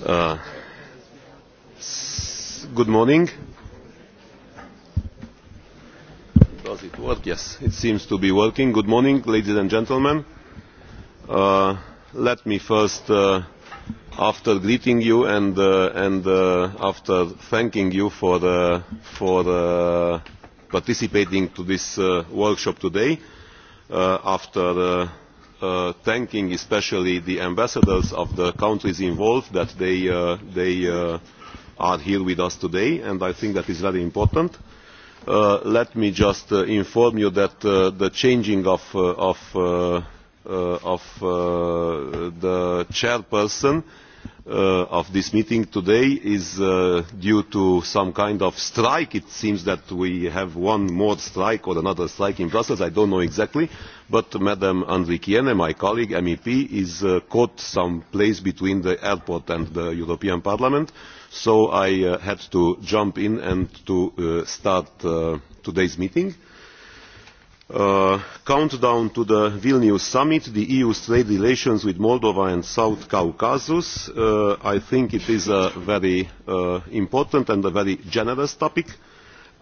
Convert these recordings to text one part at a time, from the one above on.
Uh, good morning. Does it work? Yes, it seems to be working. Good morning, ladies and gentlemen. Uh, let me first, uh, after greeting you and, uh, and uh, after thanking you for, uh, for uh, participating to this uh, workshop today, uh, after uh, Uh, thanking especially the ambassadors of the countries involved that they, uh, they uh, are here with us today, and I think that is very important. Uh, let me just uh, inform you that uh, the changing of, uh, of, uh, uh, of uh, the chairperson uh, Uh, of this meeting today is uh, due to some kind of strike. It seems that we have one more strike or another strike in Brussels. I don't know exactly. But Madam Andrikiene, my colleague, MEP, is uh, caught some place between the airport and the European Parliament. So I uh, had to jump in and to uh, start uh, today's meeting. Uh, Uh, countdown to the vilnius summit the eu's trade relations with moldova and south caucasus uh, i think it is a very uh, important and a very generous topic.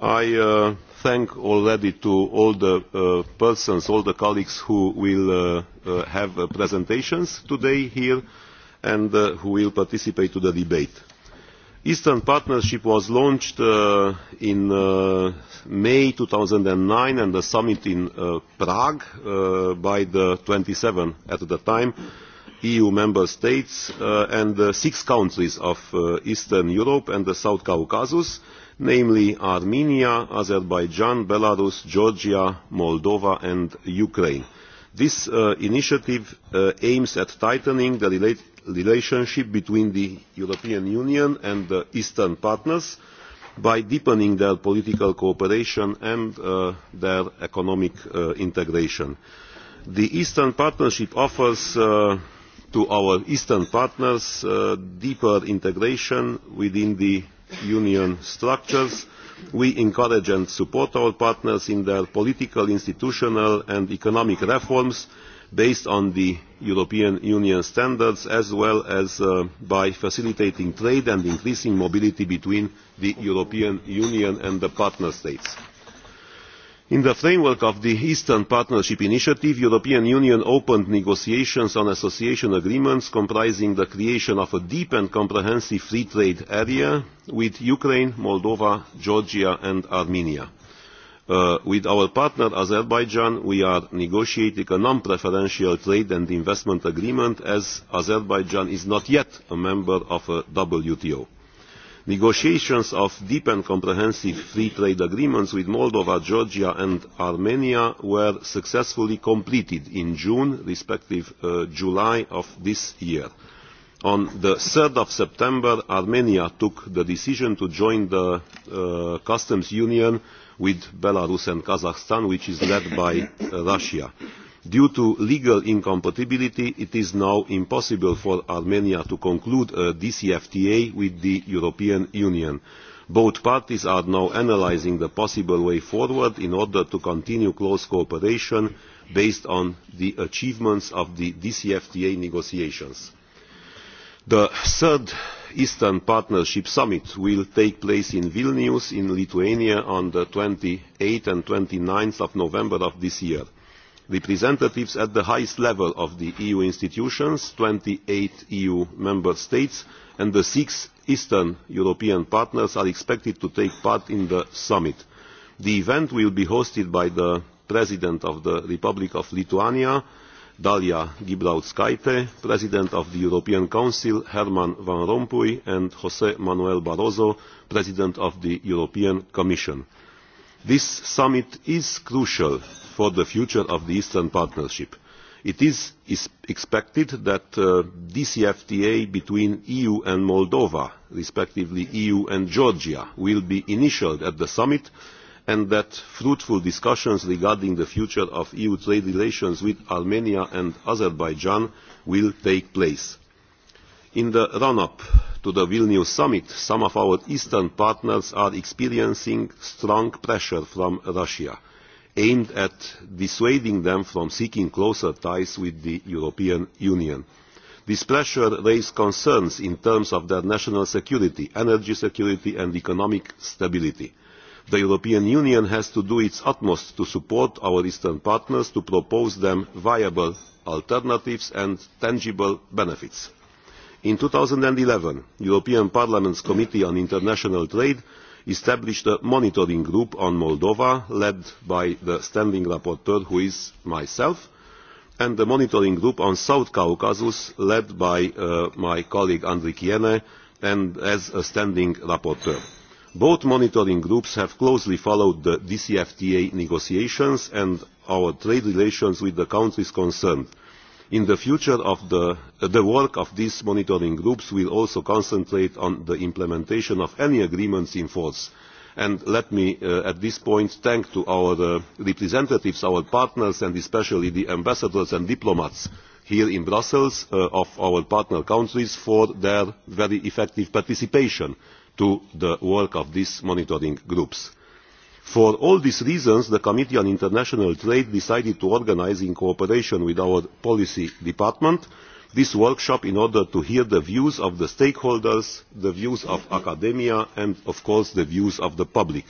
i uh, thank already to all the uh, persons all the colleagues who will have presentations today here and who will participate in the debate eastern partnership was launched uh, in uh, may 2009 and the summit in uh, prague uh, by the 27 at the time eu member states uh, and the six countries of uh, eastern europe and the south caucasus namely armenia azerbaijan belarus georgia moldova and ukraine. this uh, initiative uh, aims at tightening the, relate relationship between the European Union and the Eastern partners by deepening their political cooperation and uh, their economic uh, integration. The Eastern Partnership offers uh, to our Eastern partners uh, deeper integration within the Union structures. We encourage and support our partners in their political, institutional and economic reforms based on the European Union standards as well as uh, by facilitating trade and increasing mobility between the European Union and the partner states. In the framework of the Eastern Partnership Initiative, European Union opened negotiations on association agreements comprising the creation of a deep and comprehensive free trade area with Ukraine, Moldova, Georgia and Armenia Uh, with our partner Azerbaijan, we are negotiating a non-preferential trade and investment agreement as Azerbaijan is not yet a member of a WTO. Negotiations of deep and comprehensive free trade agreements with Moldova, Georgia and Armenia were successfully completed in June, respective uh, July of this year. On the 3rd of September, Armenia took the decision to join the uh, customs union with Belarus and Kazakhstan, which is led by uh, Russia. Due to legal incompatibility, it is now impossible for Armenia to conclude a DCFTA with the European Union. Both parties are now analyzing the possible way forward in order to continue close cooperation based on the achievements of the DCFTA negotiations the third eastern partnership summit will take place in vilnius in lithuania on twenty eight and twenty nine november of this year. representatives at the highest level of the eu institutions twenty eight eu member states and the six eastern european partners are expected to take part in the summit. the event will be hosted by the president of the republic of lithuania Dalia gibraut President of the European Council, Herman Van Rompuy, and José Manuel Barroso, President of the European Commission. This summit is crucial for the future of the Eastern Partnership. It is, is expected that uh, DCFTA between EU and Moldova, respectively EU and Georgia, will be initialed at the summit and that fruitful discussions regarding the future of EU trade relations with Armenia and Azerbaijan will take place. In the run-up to the Vilnius summit, some of our eastern partners are experiencing strong pressure from Russia, aimed at dissuading them from seeking closer ties with the European Union. This pressure raises concerns in terms of their national security, energy security and economic stability the european union has to do its utmost to support our eastern partners to propose them viable alternatives and tangible benefits. in two thousand and eleven the european parliament's committee on international trade established a monitoring group on moldova led by the standing rapporteur who is myself and the monitoring group on south caucasus led by uh, my colleague andrikien and as a standing rapporteur both monitoring groups have closely followed the dcfta negotiations and our trade relations with the countries concerned. in the future the, uh, the work of these monitoring groups will also concentrate on the implementation of any agreements in force and let me uh, at this point thank to our uh, representatives, our partners and especially the ambassadors and diplomats here in Brussels uh, of our partner countries for their very effective participation to the work of these monitoring groups. For all these reasons, the Committee on International Trade decided to organize, in cooperation with our policy department, this workshop in order to hear the views of the stakeholders, the views of academia, and of course the views of the public.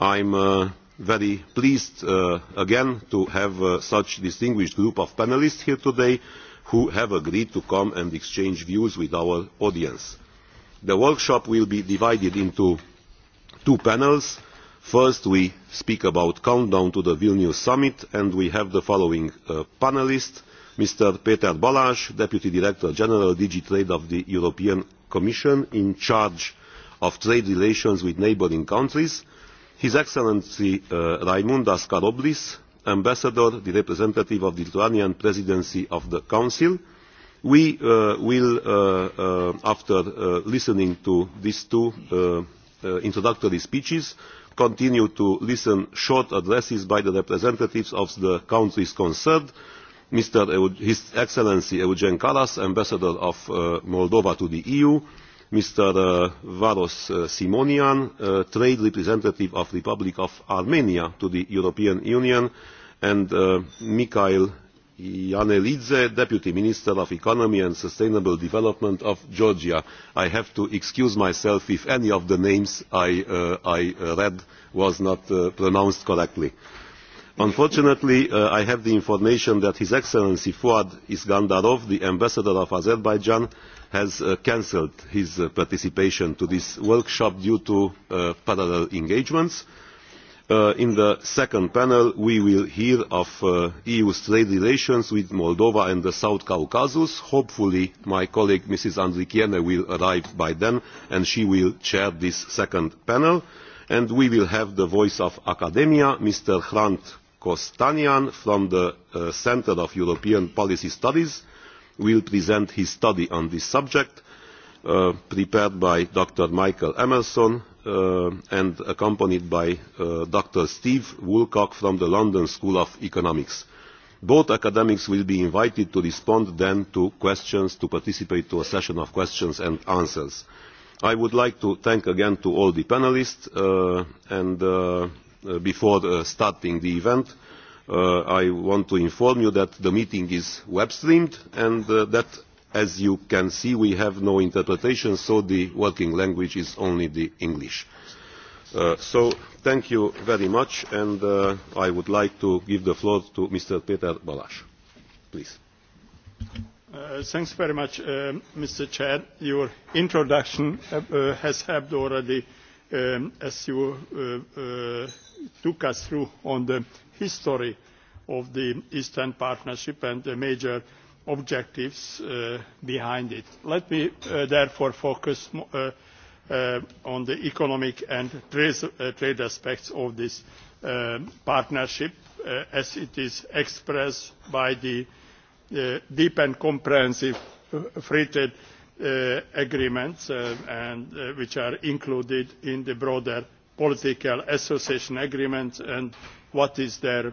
I'm uh, very pleased uh, again to have uh, such distinguished group of panelists here today who have agreed to come and exchange views with our audience the workshop will be divided into two panels. First, we speak about countdown to the Vilnius summit, and we have the following uh, panelists. Mr. Peter Balázs, Deputy Director General, DG Trade of the European Commission, in charge of trade relations with neighbouring countries. His Excellency uh, Raimundas Karoblis, Ambassador, the representative of the Lithuanian Presidency of the Council, We uh, will, uh, uh, after uh, listening to these two uh, uh, introductory speeches, continue to listen short addresses by the representatives of the countries concerned, Mr. Eug His Excellency Eugen Karas, Ambassador of uh, Moldova to the EU, Mr. Uh, Varos uh, Simonian, uh, Trade Representative of Republic of Armenia to the European Union, and uh, Mikhail Yanelidze, Deputy Minister of Economy and Sustainable Development of Georgia. I have to excuse myself if any of the names I, uh, uh, read was not uh, pronounced correctly. Unfortunately, I have the information that His Excellency Fuad Iskandarov, the Ambassador of Azerbaijan, has cancelled his participation to this workshop due to parallel engagements. Uh, in the second panel, we will hear of uh, EU's trade relations with Moldova and the South Caucasus. Hopefully, my colleague Mrs. Andrikiene will arrive by then, and she will chair this second panel. And we will have the voice of academia, Mr. Hrant Kostanian from the uh, Center of European Policy Studies will present his study on this subject, uh, prepared by Dr. Michael Emerson, uh, and accompanied by uh, Dr. Steve Woolcock from the London School of Economics. Both academics will be invited to respond then to questions, to participate to a session of questions and answers. I would like to thank again to all the panelists uh, and uh, uh before uh, starting the event, uh, I want to inform you that the meeting is web streamed and uh, that As you can see, we have no interpretation, so the working language is only the English. Uh, so thank you very much, and uh, I would like to give the floor to Mr. Peter Balash. Please. Uh, thanks very much, uh, Mr. Chair. Your introduction uh, uh, has helped already um, as you uh, uh, took us through on the history of the Eastern Partnership and the major uh, objectives uh, behind it. Let me uh, therefore focus uh, on the economic and trade, aspects of this partnership as it is expressed by the deep and comprehensive free trade agreements and, which are included in the broader political association agreements and what is their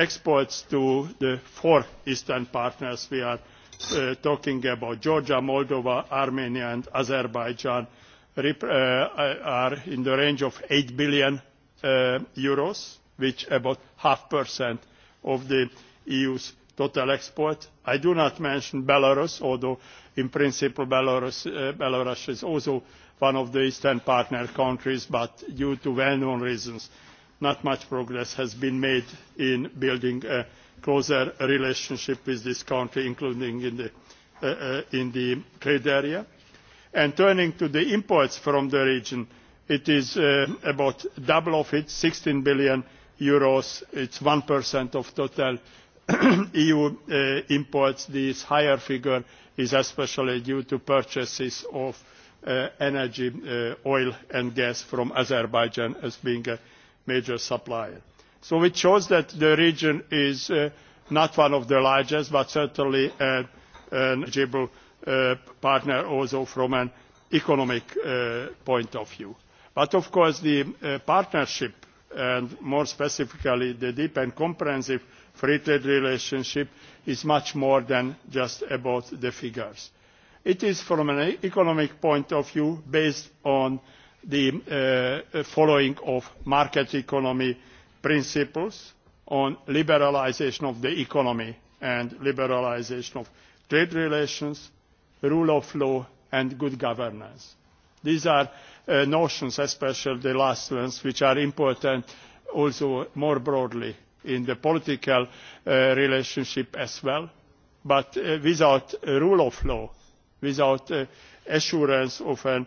exports to the four eastern partners we are uh, talking about georgia moldova armenia and azerbaijan uh, uh, are in the range of 8 billion which euros which about half percent of the eu's total export. i do not mention belarus although in principle belarus is also one of the eastern partner countries but due to well known reasons not much progress has been made in building a closer relationship with this country, including in the, uh, uh, trade area. And turning to the imports from the region, it is uh, about double of it, 16 billion euros. It's 1% of total EU e imports. This higher figure is especially due to purchases of energy, oil and gas from Azerbaijan as being a major supplier. So it shows that the region is uh, not one of the largest, but certainly an eligible uh, partner also from an economic uh, point of view. But of course, the uh, partnership, and more specifically, the deep and comprehensive free trade relationship is much more than just about the figures. It is, from an economic point of view, based on uh, the uh, uh, following of market economy principles on liberalisation of the economy and liberalisation of trade relations, rule of law and good governance. These are uh, notions, especially the last ones, which are important also more broadly in the political relationship as well. But without without rule of law, without assurance of an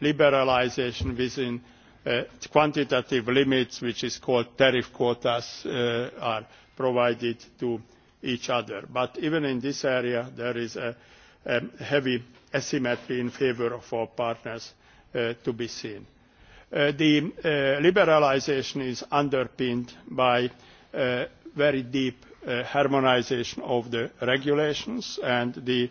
liberalisation within uh, quantitative limits which is called tariff quotas uh, are provided to each other. but even in this area there is a, a heavy asymmetry in favour of our partners uh, to be seen. Uh, the uh, liberalisation is underpinned by uh, very deep harmonisation of the regulations and the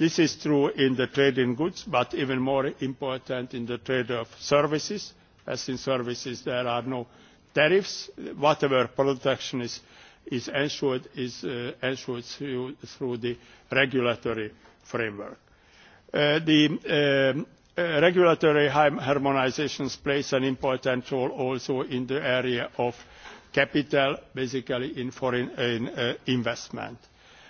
this is true in the trade in goods but even more important in the trade of services as in services there are no tariffs whatever protection is, ensured is uh, ensured through, the regulatory framework. Uh, the um, uh, regulatory harmonisation plays an important role also in the area of capital basically in foreign investment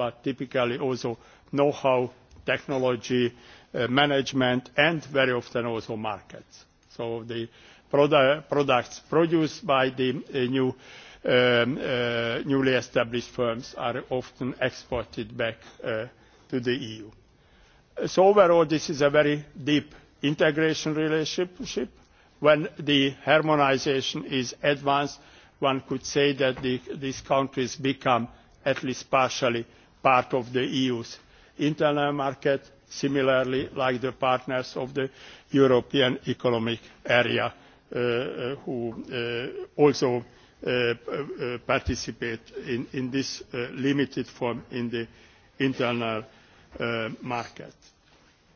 but typically also know-how, technology, uh, management, and very often also markets. So the produ products produced by the uh, new, um, uh, newly established firms are often exported back uh, to the EU. So overall, this is a very deep integration relationship. When the harmonization is advanced, one could say that the, these countries become at least partially part of the EU's internal market, similarly like the partners of the European Economic Area uh, uh who uh, also uh, uh, participate in, in this uh, limited form in the internal market.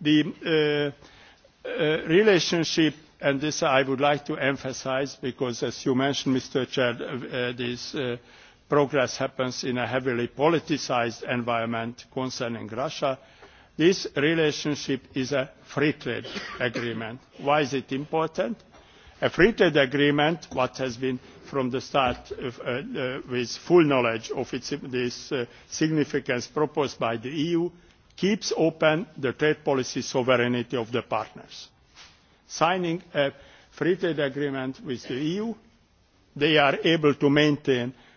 The relationship, and this I would like to emphasize because as you mentioned, Mr. Chair, this progress happens in a heavily politicised environment concerning russia. this relationship is a free trade agreement. why is it important? a free trade agreement what has been from the start uh, uh, with full knowledge of its uh, significance proposed by the eu keeps open the trade policy sovereignty of the partners. signing a free trade agreement with the eu they are able to maintain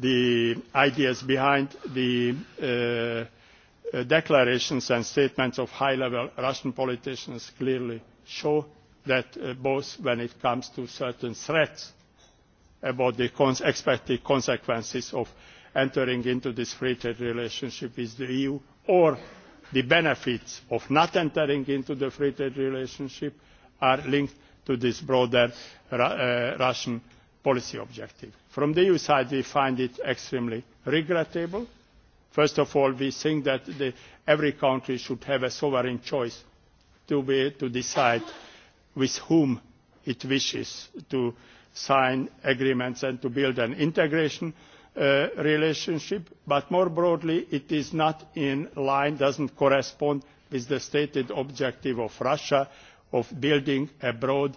the ideas behind the uh, uh declarations and statements of high level Russian politicians clearly show that uh, both when it comes to certain threats about the cons expected consequences of entering into this free trade relationship with the EU or the benefits of not entering into the free trade relationship are linked to this broader uh, Russian policy objective. From the EU side, we find it extremely regrettable. First of all, we think that the, every country should have a sovereign choice to, be, to decide with whom it wishes to sign agreements and to build an integration uh, relationship. But more broadly, it is not in line, doesn't correspond with the stated objective of Russia of building a broad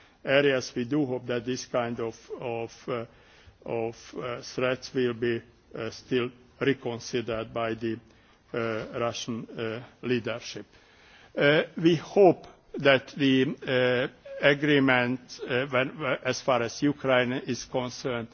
areas, we do hope that this kind of, of, uh, of uh, threats will be uh, still reconsidered by the uh, Russian uh, leadership. Uh, we hope that the uh, agreement, uh, when, as far as Ukraine is concerned,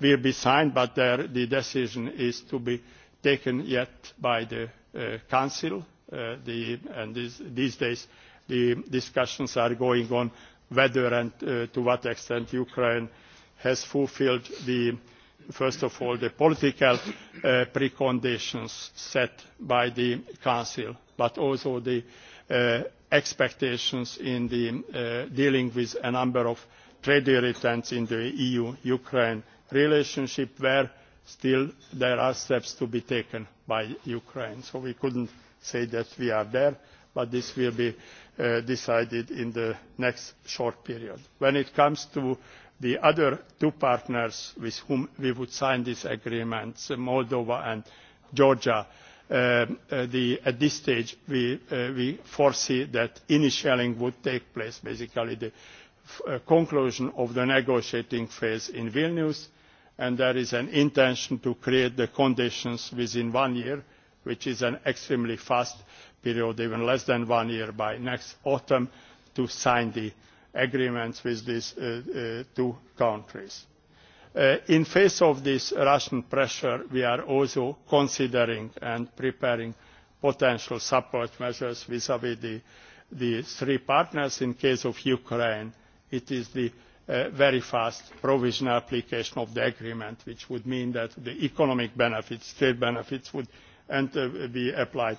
will be signed, but there the decision is to be taken yet by the uh, Council. Uh, the, and this, these days the discussions are going on whether and to what extent Ukraine has fulfilled first of all, the political preconditions set by the Council, but also the expectations in dealing with a number of trade irritants in the EU-Ukraine relationship where still there are steps to be taken by Ukraine. So we could not say that we are there, but this will Uh, decided in the next short period. when it comes to the other two partners with whom we would sign these agreements moldova and georgia uh, uh, at this stage we, we foresee that initialling would take place basically the conclusion of the negotiating phase in vilnius and there is an intention to create the conditions within one year which is an extremely fast period, even less than one year, by next autumn to sign the agreements with these uh, uh, two countries. Uh, in face of this Russian pressure, we are also considering and preparing potential support measures vis-à-vis -vis the, the three partners. In case of Ukraine, it is the Uh, very fast provisional application of the agreement which would mean that the economic benefits trade benefits would and, uh, be applied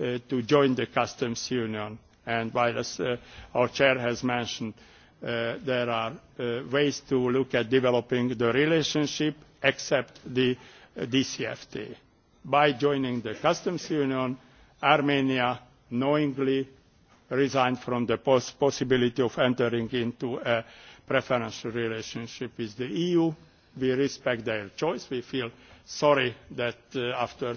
Uh, to join the customs union. And while, as uh, our chair has mentioned, uh, there are uh, ways to look at developing the relationship except the uh, DCFT. By joining the customs union, Armenia knowingly resigned from the pos possibility of entering into a preferential relationship with the EU. We respect their choice. We feel sorry that uh, after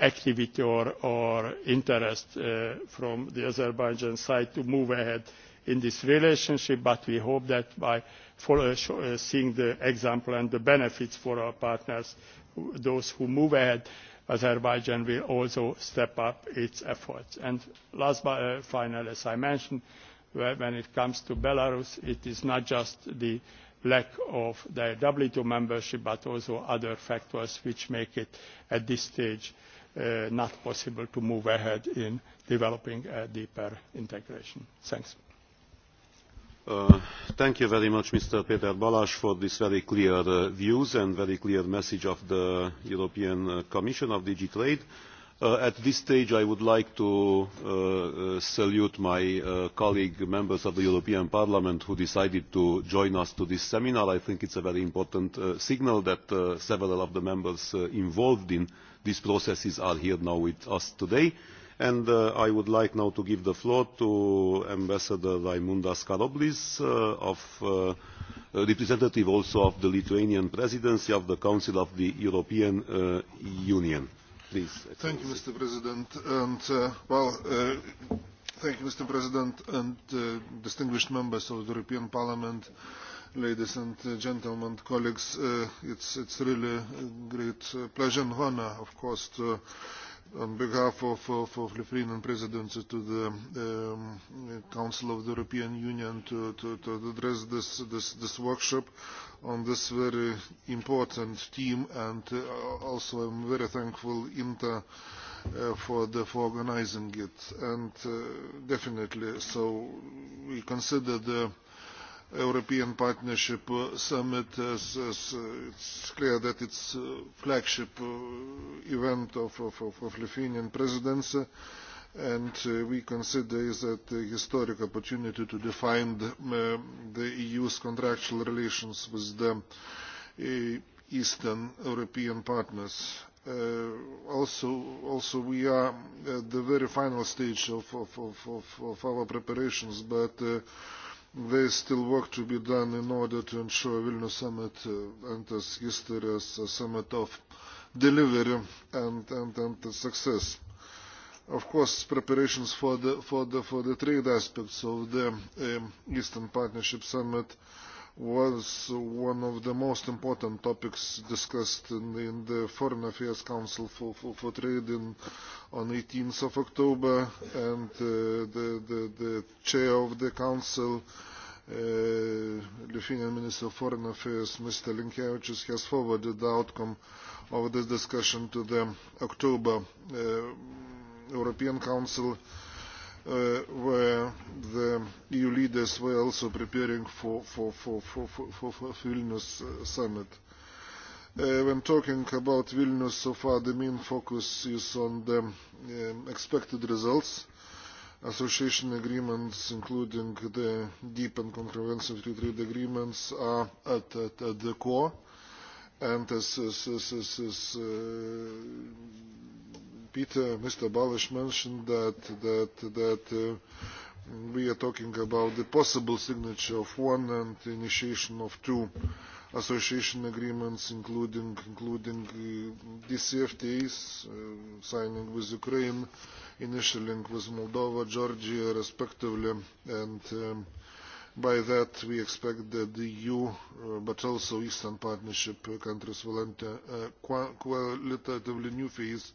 activity or, or interest uh, from the Azerbaijan side to move ahead in this relationship, but we hope that by follow, uh, uh seeing the example and the benefits for our partners, those who move ahead, Azerbaijan will also step up its efforts. And last but uh, final, as I mentioned, when it comes to Belarus, it is not just the lack of their WTO membership, but also other factors which make it at this stage uh, Uh, not possible to move ahead in developing a deeper integration. Thanks. Uh, thank you very much, Mr. Peter Balas, for this very clear uh, views and very clear message of the European Commission of DG Trade. at this stage, I would like to salute my colleague, members of the European Parliament, who decided to join us to this seminar. I think it's a very important signal that several of the members involved in these processes are here now with us today. And uh, I would like now to give the floor to Ambassador Raimundas Karoblis, uh, of, uh, representative also of the Lithuanian presidency of the Council of the European uh, Union. Please. Thank you, Mr. President. And, uh, well, uh, thank you, Mr. President, and uh, distinguished members of the European Parliament. Uh, ladies and gentlemen, colleagues, uh, it's, it's really a great uh, pleasure and honor, of course, to, on behalf of, of, of Lithuanian presidency to the um, Council of the European Union to, to, to address this, this, this workshop on this very important team and uh, also I'm very thankful INTA uh, for, the, for organizing it and uh, definitely so we consider the European Partnership Summit as, it's clear that it's the flagship uh, event of, the Lithuanian presidency and uh, we consider it a historic opportunity to define the, uh, EU's e contractual relations with the Eastern European partners. also, we are at the very final stage of, our preparations, but there is still work to be done in order to ensure Vilnius summit uh, enters history as a summit of delivery and, and, and success. Of course, preparations for the, for the, for the trade aspects of the um, Eastern Partnership Summit uh, was one of the most important topics discussed in, the, in the Foreign Affairs Council for, for, for Trade in, on 18th of October, and uh, the, the, the chair of the council, uh, Lithuanian Minister of Foreign Affairs, Mr. Linkevicius, has forwarded the outcome of this discussion to the October uh, European Council uh, where the EU leaders were also preparing for, for, for, for, for, for Vilnius uh, summit. Uh, when talking about Vilnius so far, the main focus is on the um, expected results, association agreements, including the deep and comprehensive free trade agreements, are at, at, at the core. And as, as, as, as, as uh, Peter, Mr. Balish mentioned that that that uh, we are talking about the possible signature of one and initiation of two association agreements, including including uh, DCFTAs uh, um, signing with Ukraine, initialing with Moldova, Georgia, respectively, and um, by that we expect that the EU, uh, but also Eastern Partnership countries will enter a qualitatively new phase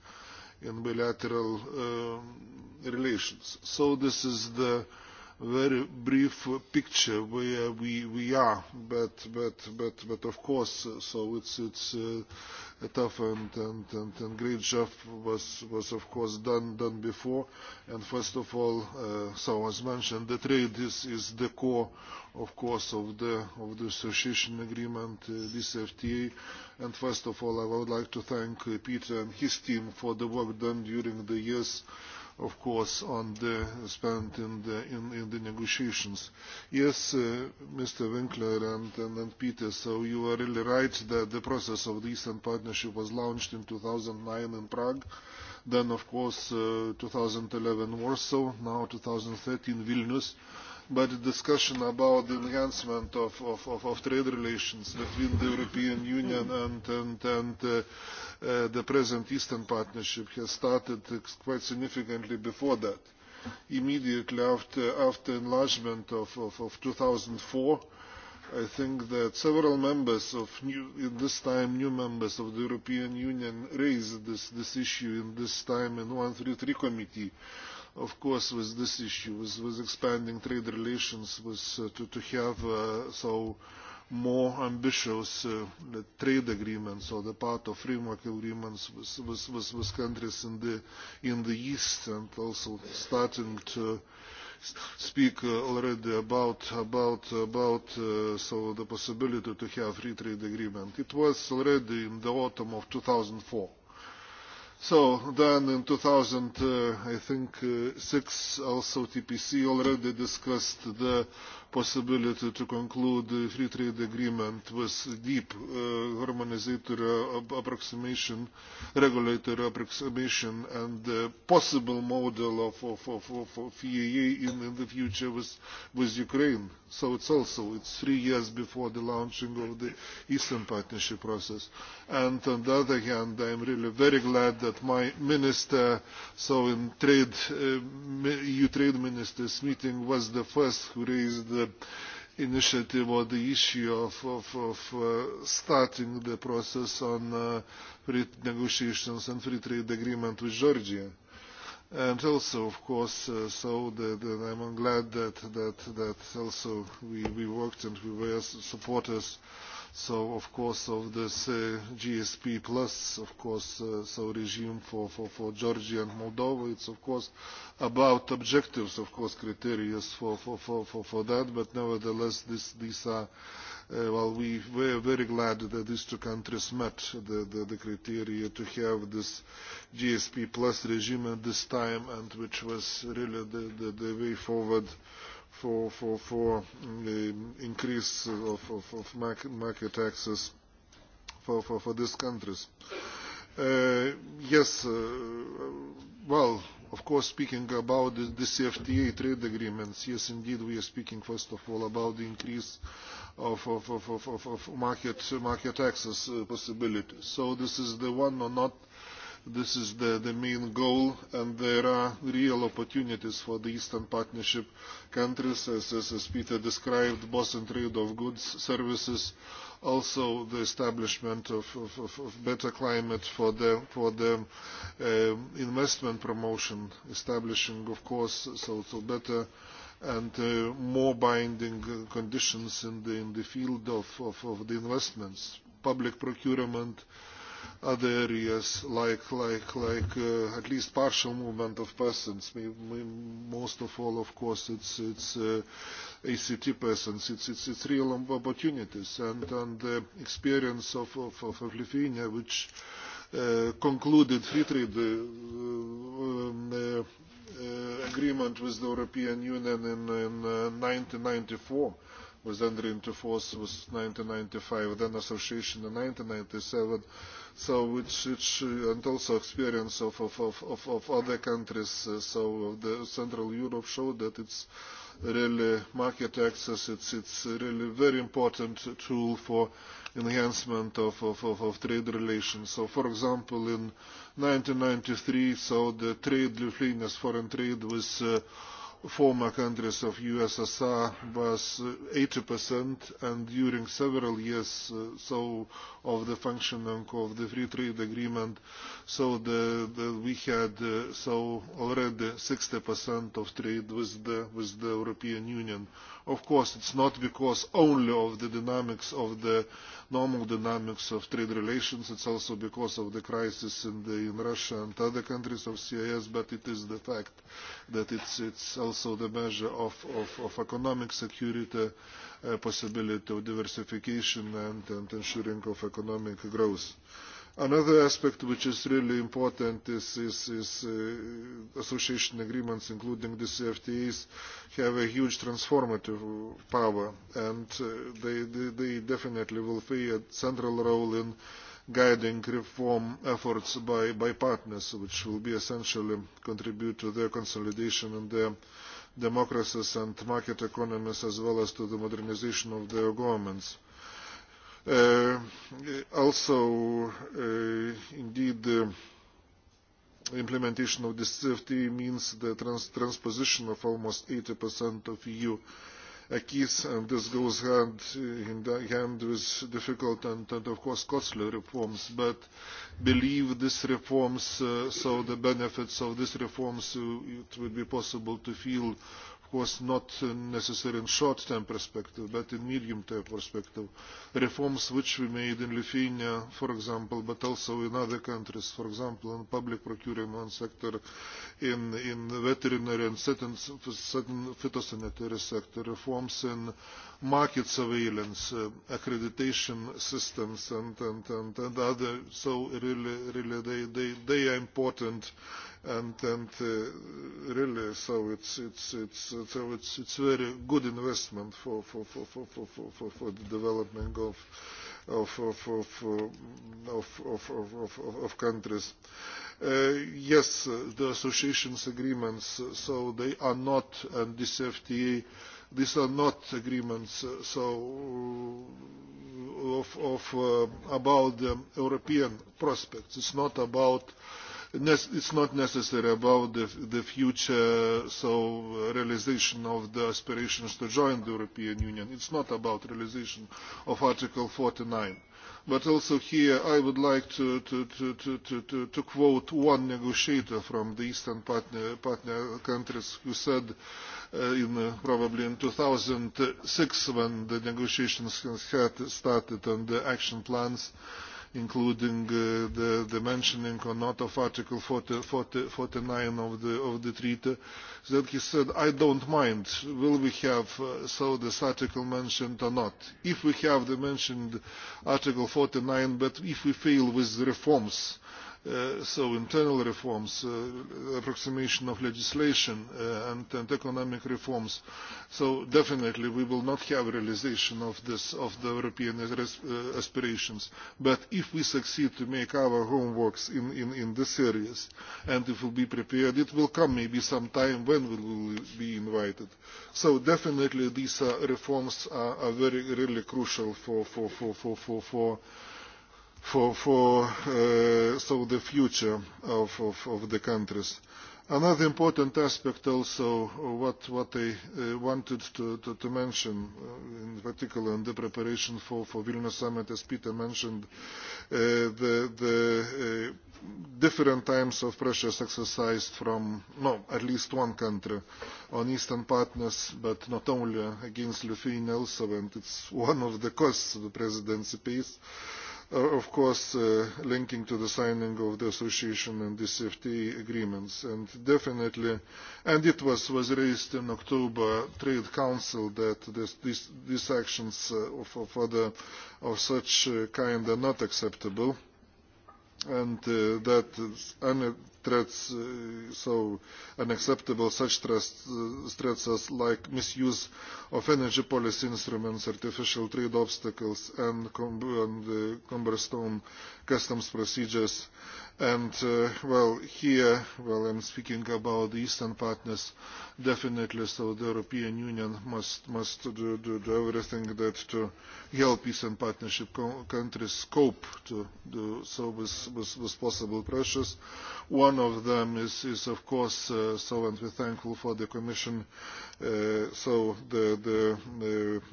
in bilateral uh, relations. So this is the very brief picture where we, we are, but, but, but, but of course, so it's, it's uh, a tough and, and, and, and great job was, was of course done, done before. And first of all, uh, so as mentioned, the trade is, is the core, of course, of the, of the association agreement, uh, this FTA. And first of all, I would like to thank uh, Peter and his team for the work done during the years uh, of course, on the spent in the, in, in the negotiations. Yes, uh, Mr. Winkler and, and, and Peter, so you are really right that the process of the Eastern Partnership was launched in 2009 in Prague. Then, of course, uh, 2011 Warsaw, now 2013 Vilnius but the discussion about the enhancement of, of, of, of trade relations between the European Union and, and, and uh, uh, the present Eastern Partnership has started quite significantly before that. Immediately after, after enlargement of, of, of 2004, I think that several members of new, in this time new members of the European Union raised this, this issue in this time in 133 committee of course, with this issue, with, with expanding trade relations, with, uh, to, to have uh, so more ambitious uh, trade agreements or the part of framework agreements with, with, with, with countries in the, in the East and also starting to speak uh, already about about about uh, so the possibility to have free trade agreement. It was already in the autumn of 2004 So then in 2000, uh, I think, uh, six also TPC already discussed the possibility to conclude the free trade agreement with deep uh, harmonizator uh, approximation, regulator approximation, and the possible model of, of, of, of, of EAA in, in the future with, with Ukraine. So it's also it's three years before the launching of the Eastern Partnership process. And on the other hand, I'm really very glad that my minister, so in trade, uh, EU e trade ministers meeting was the first who raised the initiative or the issue of, of, of uh, starting the process on uh, free negotiations and free trade agreement with Georgia. And also, of course, uh, so that, and I'm glad that, that, that also we, we worked and we were supporters So of course, of this uh, GSP plus, of course, uh, so regime for, for, for Georgia and Moldova, it's of course about objectives, of course, criteria for, for, for, for, for that. But nevertheless, this, these are Uh, well, we were very glad that these two countries met the, the, the criteria to have this GSP plus regime at this time, and which was really the, the, the way forward for, for, for mm, the increase of, of, of market access for, for, for these countries. Uh, yes, uh, well, of course, speaking about the, the CFTA trade agreements, yes, indeed, we are speaking first of all about the increase of, of, of, of, of market, market access uh, possibilities. So this is the one or not This is the, the main goal, and there are real opportunities for the Eastern Partnership countries, as, as, as Peter described, in trade of goods, services, also the establishment of, of, of, of better climate for the, for the uh, investment promotion, establishing, of course, so, so better and uh, more binding conditions in the, in the field of, of, of the investments, public procurement, uh, other areas like like like uh, at least partial movement of persons we, we, most of all of course it's it's uh, ACT persons it's it's, it's real opportunities and and the experience of of, of, of Lithuania which uh, concluded free trade uh, um, uh, uh, agreement with the European Union in, in uh, 1994 was entered into force was 1995, then association in 1997, so which, which uh, and also experience of, of, of, of other countries, uh, so the Central Europe showed that it's really market access, it's, it's really very important tool for enhancement of, of, of, of trade relations. So, for example, in 1993, so the trade, Lithuania's foreign trade was. uh, former countries of USSR was 80% and during several years uh, so of the functioning of the free trade agreement so the, the we had uh, so already 60% of trade with the with the European Union Of course, it's not because only of the dynamics of the normal dynamics of trade relations. It's also because of the crisis in, the, in Russia and other countries of CIS, but it is the fact that it's, it's also the measure of, of, of economic security, uh, possibility of diversification and, and ensuring of economic growth. Another aspect which is really important is, is, is uh, association agreements, including the CFTAs, have a huge transformative power, and uh, they, they, they definitely will play a central role in guiding reform efforts by, by partners, which will be essentially contribute to their consolidation and their democracies and market economies, as well as to the modernization of their governments. Uh, Uh, also, uh, indeed, uh, implementation of this CFT means the trans transposition of almost 80% of EU acquis, and this goes hand in hand with difficult and, and of course, costly reforms, but believe these reforms, uh, so the benefits of these reforms, uh, it would be possible to feel Was not necessary in short term perspective but in medium term perspective reforms which we made in lithuania for example but also in other countries for example in public procurement sector in in veterinary and certain, certain phytosanitary sector reforms in market surveillance uh, accreditation systems and and, and and other so really really they they, they are important and and uh, really so it's it's it's so it's it's very good investment for for for for for for, for, for the development of of of of uh, of of of, of, of countries uh, yes uh, the associations agreements uh, so they are not and this fta these are not agreements so of of uh, about the european prospects it's not about it's not necessary about the, the future so realization of the aspirations to join the European Union. It's not about realization of Article 49. But also here I would like to, to, to, to, to, to, to quote one negotiator from the Eastern partner, partner countries who said uh, in, uh, probably in 2006 when the negotiations had started on the action plans uh, including uh, the, the mentioning or not of Article 40, 40, 49 of the, of the treaty, that he said, I don't mind, will we have uh, so this article mentioned or not. If we have the mentioned Article 49, but if we fail with the reforms, Uh, so internal reforms, uh, approximation of legislation uh, and, and economic reforms. So definitely we will not have realization of, this, of the European uh, aspirations. But if we succeed to make our homeworks in, in, in this areas and if we'll be prepared, it will come maybe some time when we will be invited. So definitely these uh, reforms are, are very really crucial for, for, for, for, for, for for, for uh, so the future of, of, of the countries. Another important aspect also what, what I uh, wanted to, to, to mention uh, in particular in the preparation for, for Vilnius summit, as Peter mentioned, uh, the, the uh, different times of pressures exercised from, no, at least one country on Eastern partners, but not only against Lithuania also, and it's one of the costs the presidency pays. Uh, Uh, of course uh, linking to the signing of the association and the CFTA agreements. And definitely, and it was, was raised in October Trade Council that this, this, these actions uh, of, of, other, of such kind are not acceptable and uh, that any threats, uh, so unacceptable such threats, uh, threats as like misuse of energy policy instruments, artificial trade obstacles, and, com and uh, cumbersome customs procedures And, uh, well, here, well, I'm speaking about the Eastern partners, definitely, so the European Union must, must do, do, do everything that to help Eastern partnership co countries cope to do so with, with, with possible pressures. One of them is, is of course, uh, so, and we're thankful for the Commission, uh, so the, the,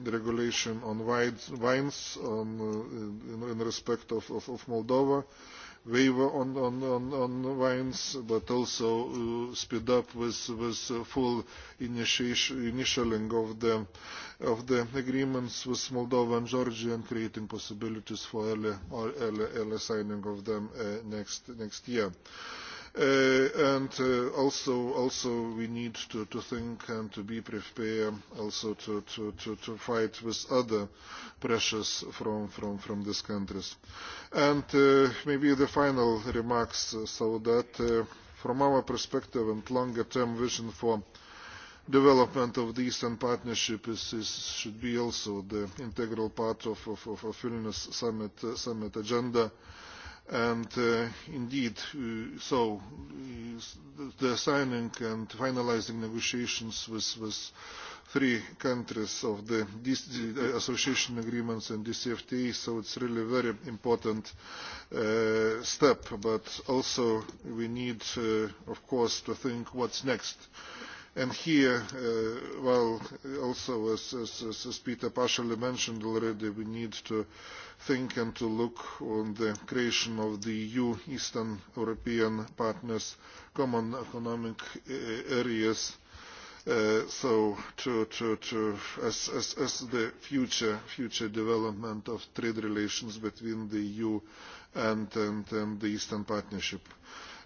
the, regulation on wines, wines on, uh, in, in respect of, of, of Moldova. Uh, waiver on, wines, but also uh, speed up with, with full initialing of the, agreements with Moldova and Georgia and creating possibilities for early, signing of them uh, next, year. Uh, and uh, also, also we need to, to think and to be prepared also to, to, to, to fight with other pressures from, from, from these countries. And uh, maybe the final remarks, uh, so that uh, from our perspective and longer term vision for development of the Eastern Partnership is, is, should be also the integral part of, of, of, a Vilnius summit, uh, summit agenda. Uh, and uh, indeed uh, so uh, the signing and finalizing negotiations with, with three countries of the association agreements and DCFTA, e so it's really a very important uh, step, but also we need, uh, of course, to think what's next. Uh, And here, uh, well, also as, as, as Peter partially mentioned already, we need to think and to look on the creation of the EU Eastern European partners' common economic uh, areas. Uh, so to, to, to as, as, as the future, future development of trade relations between the EU and, and, and the Eastern Partnership. Uh,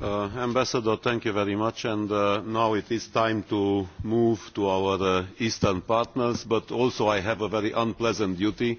Uh, ambassador thank you very much and uh, now it is time to move to our uh, eastern partners but also i have a very unpleasant duty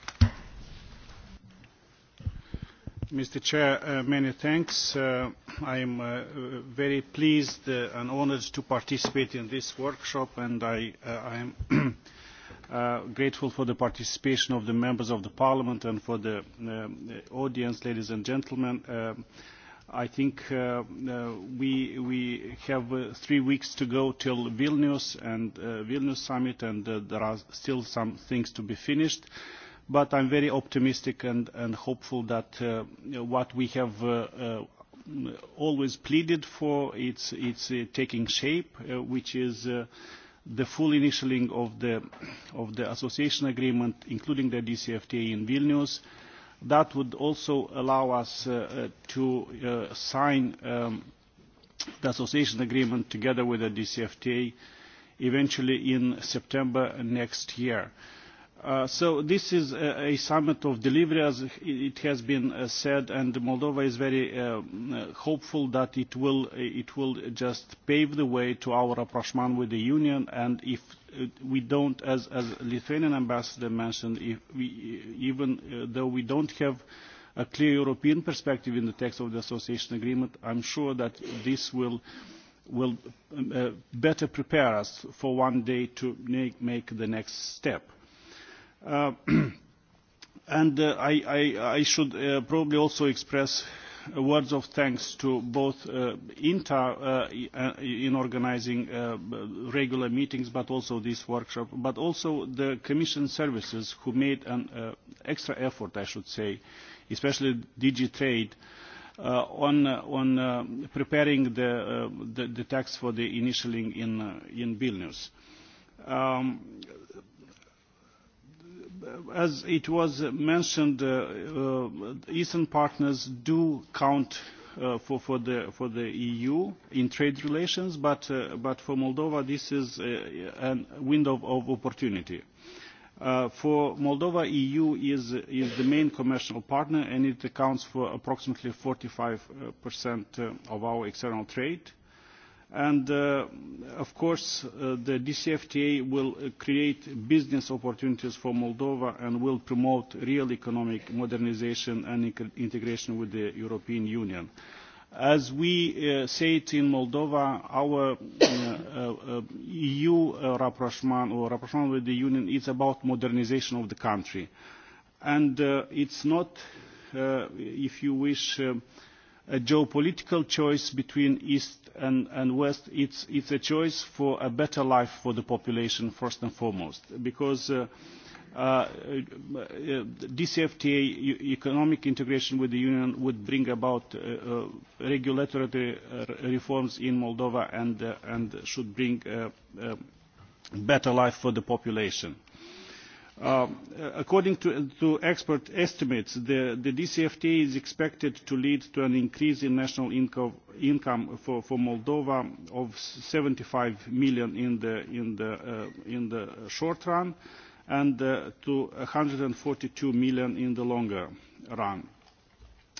Mr. Chair, uh, many thanks. Uh, I am uh, very pleased uh, and honored to participate in this workshop, and I, uh, I am uh, grateful for the participation of the members of the Parliament and for the, um, uh, the uh, audience, ladies and gentlemen. Uh, I think uh, uh, we, we have uh, three weeks to go till Vilnius and uh, Vilnius summit, and uh, there are still some things to be finished. Uh, but I'm very optimistic and, and hopeful that uh, what we have uh, uh, always pleaded for, it's, it's uh, taking shape, uh, which is uh, the full initialing of the, of the association agreement, including the DCFTA in Vilnius. That would also allow us uh, uh, to uh, sign um, the association agreement together with the DCFTA eventually in September next year. Uh, Uh, so this is a, a summit of delivery, as it has been uh, said, and Moldova is very uh, hopeful that it will, uh, it will just pave the way to our rapprochement with the Union. And if uh, we don't, as, as Lithuanian ambassador mentioned, if we, uh, even uh, though we don't have a clear European perspective in the text of the association agreement, I'm sure that this will will uh, better prepare us for one day to make, make the next step. Uh, and uh, I, I, I should uh, probably also express uh, words of thanks to both uh, INTA uh, uh, in organizing uh, regular meetings, but also this workshop, but also the Commission services who made an uh, extra effort, I should say, especially DigiTrade, uh, on, uh, on uh, preparing the, uh, the, the text for the initialing in, uh, in Vilnius. Um, as it was mentioned, uh, uh, Eastern partners do count uh, for, for, the, for the EU in trade relations, but, uh, but for Moldova this is a, a window of opportunity. Uh, for Moldova, EU is, is the main commercial partner and it accounts for approximately 45% uh, of our external trade. Uh, And uh, of course, uh, the DCFTA will uh, create business opportunities for Moldova and will promote real economic modernization and integration with the European Union. As we uh, say it in Moldova, our uh, uh, EU uh, rapprochement or rapprochement with the Union is about modernization of the country. And uh, it's not, uh, if you wish, uh, a geopolitical choice between East and, and West. It's, it's a choice for a better life for the population, first and foremost, because uh, uh, DCFTA, e-, economic integration with the Union, would bring about uh, uh, regulatory uh, reforms in Moldova and, uh, and should bring a uh, uh, better life for the population. Uh, according to, expert estimates, the, DCFTA is expected to lead to an increase in national income, income for, for Moldova of 75 million in the, in the, uh, in the short run and uh, to 142 million in the longer run.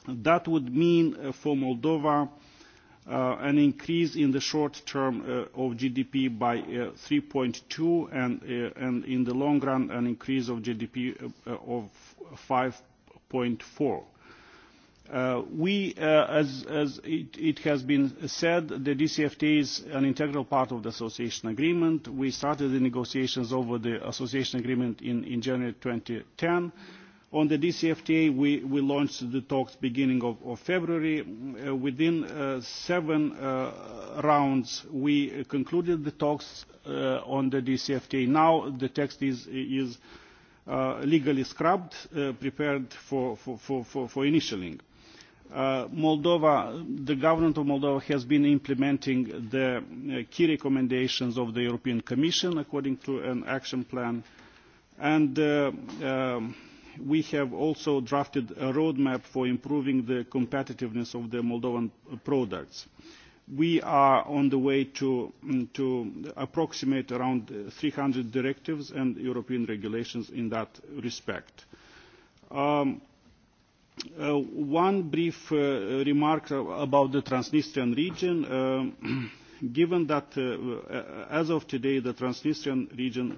That would mean uh, for Moldova uh, an increase in the short term uh, of GDP by uh, 3.2 and, uh, and in the long run an increase of GDP uh, of 5.4. Uh, we, uh, as, as it, it has been said, the DCFTA is an integral part of the association agreement. We started the negotiations over the association agreement in, in January 2010. On the DCFTA, we, we launched the talks beginning of, of February. Uh, within uh, seven uh, rounds, we concluded the talks uh, on the DCFTA. Now the text is, is uh, legally scrubbed, uh, prepared for, for, for, for initialing. Uh, Moldova, the government of Moldova has been implementing the uh, key recommendations of the European Commission according to an action plan. And uh, um, we have also drafted a roadmap for improving the competitiveness of the Moldovan products. We are on the way to, mm, to approximate around 300 uh, directives and European regulations in that respect. Um, uh, one brief uh, remark about the Transnistrian region. Um, given that uh, uh, as of today the Transnistrian region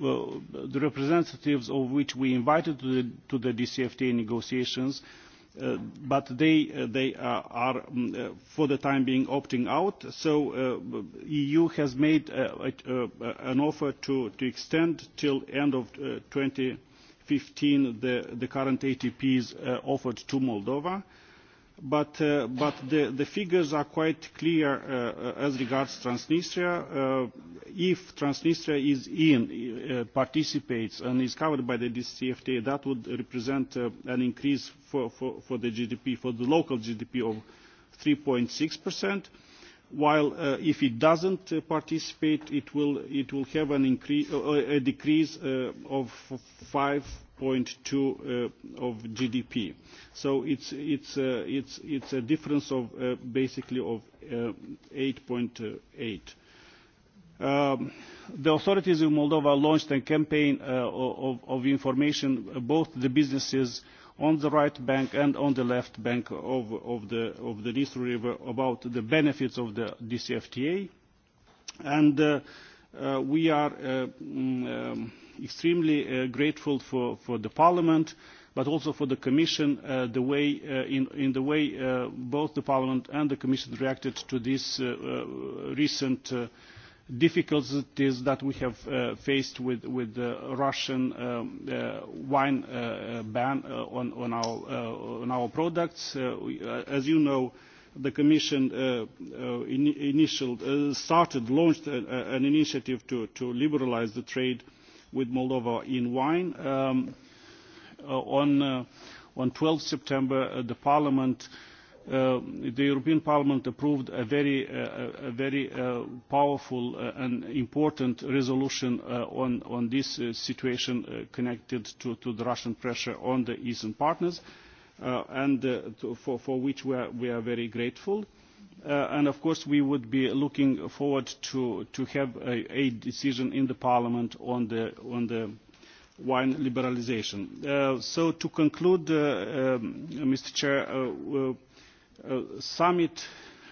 Uh, the representatives of which we invited to the, to the DCFTA negotiations, uh, but they, uh, they are, are um, uh, for the time being, opting out. So uh, EU has made uh, uh, an offer to, to extend till end of uh, 2015 the, the current ATPs uh, offered to Moldova. Uh, but, uh, but the, the figures are quite clear uh, uh, as regards Transnistria. Uh, if Transnistria is in, uh, participates and is covered by the DCFTA, that would represent uh, an increase for, for, for the GDP, for the local GDP of 3.6 percent while uh, if it doesn't uh, participate, it will, it will have an increase, uh, a decrease uh, of 5 0.2 uh, of GDP. So it's, it's, uh, it's, it's a difference of uh, basically of 8.8. Uh, Um, the authorities in Moldova launched a campaign uh, of, of information uh, both the businesses on the right bank and on the left bank of, of the, of the Dnistru River about the benefits of the DCFTA. And uh, uh, we are uh, mm, um, extremely uh, grateful for, for the Parliament, but also for the Commission, uh, the way, uh, in, in the way uh, both the Parliament and the Commission reacted to these uh, uh, recent uh, difficulties that we have uh, faced with, with the Russian um, uh, wine uh, ban uh, on, on, our, uh, on our products. Uh, we, uh, as you know, the Commission uh, uh, in, initial, uh, started, launched a, uh, a, uh, an initiative to, to liberalize the trade uh, with Moldova in wine. Um, uh, on, uh, on 12 September, uh, the Parliament uh, the European Parliament approved a very, uh, a very uh, powerful uh, and important resolution uh, on, on this uh, situation uh, connected to, to the Russian pressure on the Eastern partners, uh, and uh, to, for, for which we are, we are very grateful. Uh, Uh, and of course, we would be looking forward to, to have a, a decision in the parliament on the, on the wine liberalization. Uh, so to conclude, uh, um, Mr. Chair, uh, uh, uh summit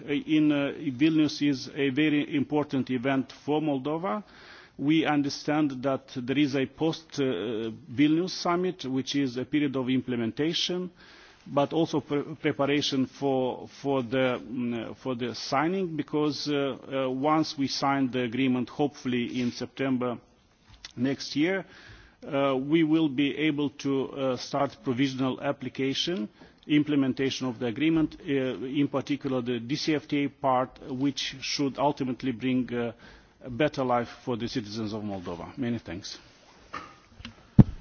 uh, in uh, Vilnius is a very important event for Moldova. We understand that there is a post-Vilnius uh, summit, which is a period of implementation. Uh, but also pre preparation for, for, the, mm, for the signing, because uh, uh, once we sign the agreement, hopefully in September next year, uh, we will be able to uh, start provisional application, implementation of the agreement, uh, in particular the DCFTA part, which should ultimately bring uh, a better life for the citizens of Moldova. Many thanks.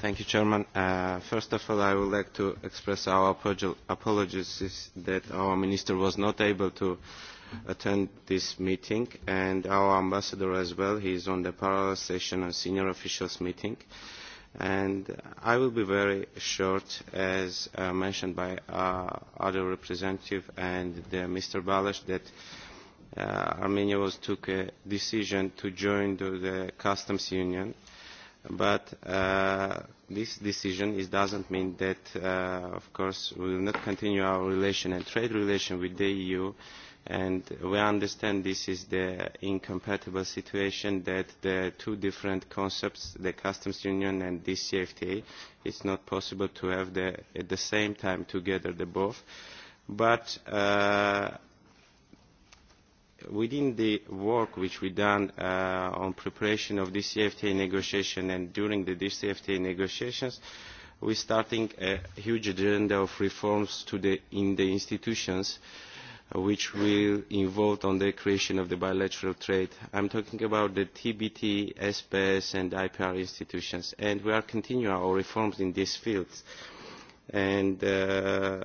Thank you, Chairman. Uh, first of all, I would like to express our apologies that our minister was not able to attend this meeting, and our ambassador as well. He is on the parallel session and senior officials meeting. And I will be very short, as uh, mentioned by uh, other representative and the Mr. Balash, that uh, Armenia was took a decision to join the, the customs union but uh, this decision is, doesn't mean that, uh, of course, we will not continue our relation and trade relation with the EU. And we understand this is the incompatible situation that the two different concepts, the customs union and the DCFTA, it's not possible to have the, at the same time together the both. But uh, within the work which we done uh, on preparation of CFTA e negotiation and during the CFTA e negotiations, we starting a huge agenda of reforms to the, in the institutions uh, which will involve on the creation of the bilateral trade. I'm talking about the TBT, SPS e and IPR institutions and we are continuing our reforms in these fields. And uh,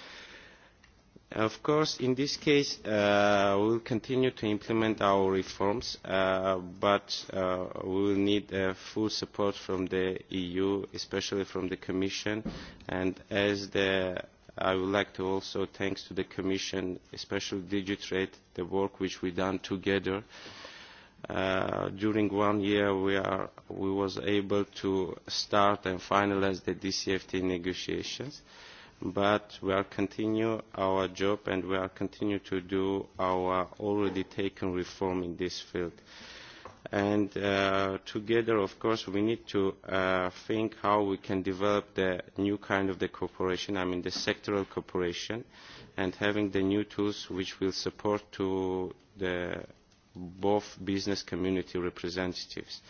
Of course, in this case, uh, we will continue to implement our reforms, uh, but uh, we will need uh, full support from the EU, especially from the Commission. And as the, I would like to also thanks to the Commission, especially Digitrade, the work which we done together. Uh, during one year, we, are, we was able to start and finalize the DCFT negotiations. Uh, but we are continue our job and we are continue to do our already taken reform in this field. And uh, together, of course, we need to uh, think how we can develop the new kind of the cooperation, I mean the sectoral cooperation, and having the new tools which will support to the both business community representatives,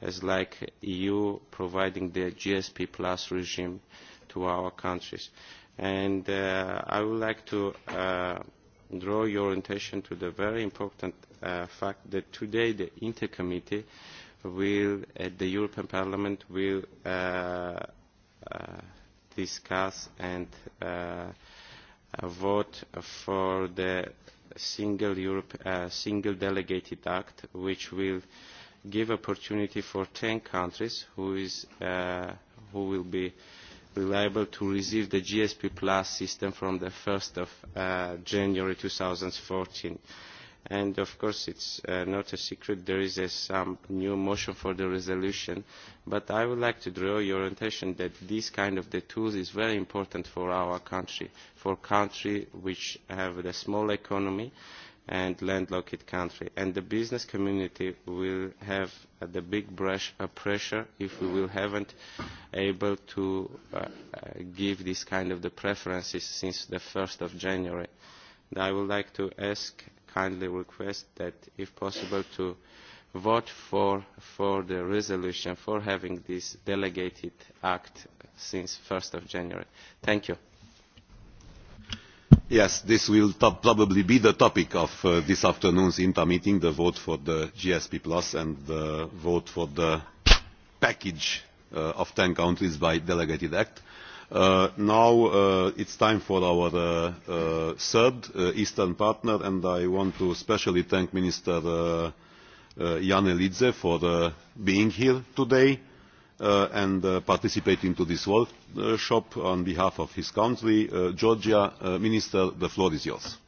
as like EU providing the GSP plus regime, uh, to our countries. And uh, I would like to uh, draw your attention to the very important uh, fact that today the intercommittee will, at uh, the European Parliament, will uh, uh, discuss and uh, uh, vote for the single, Europe, uh, single delegated act, which will give opportunity for 10 countries who, is, uh, who will be uh, liable to receive the GSP Plus system from the 1st of uh, January 2014. And of course, it's uh, not a secret there is a, some new motion for the resolution, but I would like to draw your attention that this kind of the tools is very important for our country, for country which have a small economy, uh, and landlocked country. And the business community will have uh, the big brush of uh, pressure if we will haven't able to uh, uh, give this kind of the preferences since the 1st of January. And I would like to ask, kindly request that if possible to vote for, for the resolution for having this delegated act since 1st of January. Thank you yes this will probably be the topic of uh, this afternoon's inta meeting the vote for the gsp and the vote for the package uh, of ten countries by delegated act. Uh, now it it's time for our third eastern partner and i want to especially thank minister jan Elize for being here today Uh, and uh, participating to this workshop uh, on behalf of his country, Georgia. Minister, the floor is yours.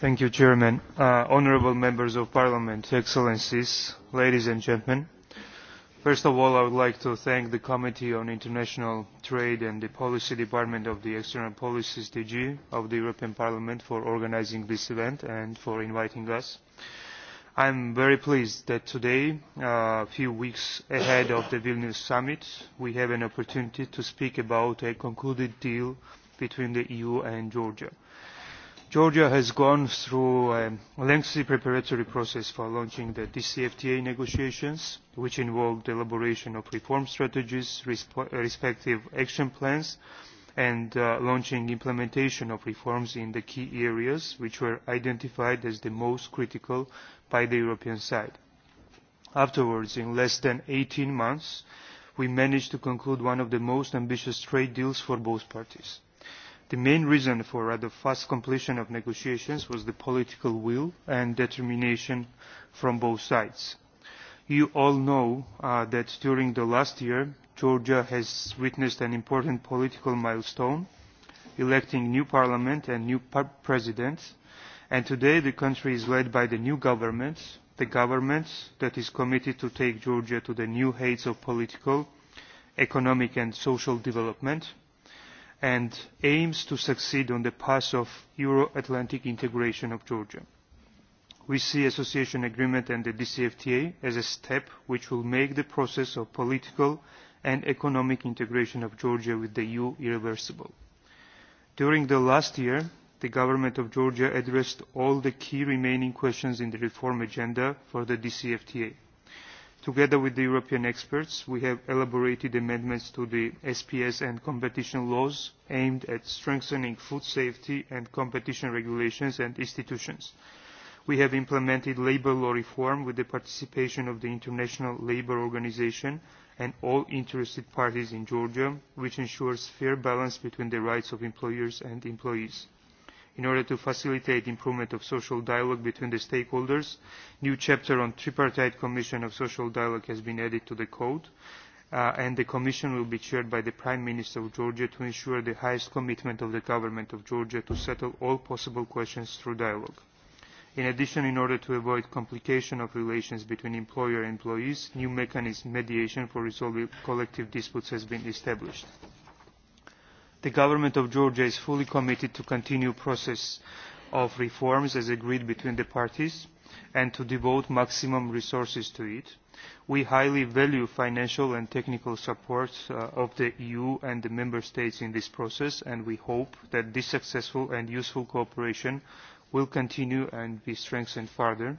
Thank you, Chairman. Uh, honourable members of Parliament, Excellencies, ladies and gentlemen. First of all, I would like to thank the Committee on International Trade and the Policy Department of the External Policies DG of the European Parliament for organising this event and for inviting us. I am very pleased that today, uh, a few weeks ahead of the Vilnius summit, we have an opportunity to speak about a concluded deal between the EU and Georgia. Georgia has gone through a lengthy preparatory process for launching the DCFTA negotiations, which involved elaboration of reform strategies, resp respective action plans, and uh, launching implementation of reforms in the key areas which were identified as the most critical by the European side. Afterwards, in less than 18 months, we managed to conclude one of the most ambitious trade deals for both parties. The main reason for rather fast completion of negotiations was the political will and determination from both sides. You all know uh, that during the last year, Georgia has witnessed an important political milestone, electing new parliament and new par president, and today the country is led by the new government, the government that is committed to take Georgia to the new heights of political, economic and social development, and aims to succeed on the path of Euro-Atlantic integration of Georgia. We see association agreement and the DCFTA as a step which will make the process of political and economic integration of Georgia with the EU irreversible. During the last year, the government of Georgia addressed all the key remaining questions in the reform agenda for the DCFTA. Together with the European experts, we have elaborated amendments to the SPS and competition laws aimed at strengthening food safety and competition regulations and institutions. We have implemented labour law reform with the participation of the International Labour Organization and all interested parties in Georgia, which ensures fair balance between the rights of employers and employees in order to facilitate improvement of social dialogue between the stakeholders. New chapter on tripartite commission of social dialogue has been added to the code. Uh, and the commission will be chaired by the prime minister of georgia to ensure the highest commitment of the government of georgia to settle all possible questions through dialogue. in addition in order to avoid complication of relations between employer and employees new mechanism mediation for resolving collective disputes has been established. The government of Georgia is fully committed to continue process of reforms as agreed between the parties and to devote maximum resources to it. We highly value financial and technical support uh, of the EU and the Member States in this process and we hope that this successful and useful cooperation will continue and be strengthened further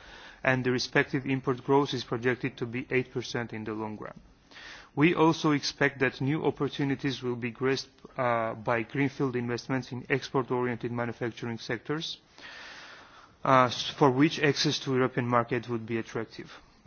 and the respective import growth is projected to be 8% in the long run. We also expect that new opportunities will be graced uh, by greenfield investments in export-oriented manufacturing sectors, uh, for which access to European market would be attractive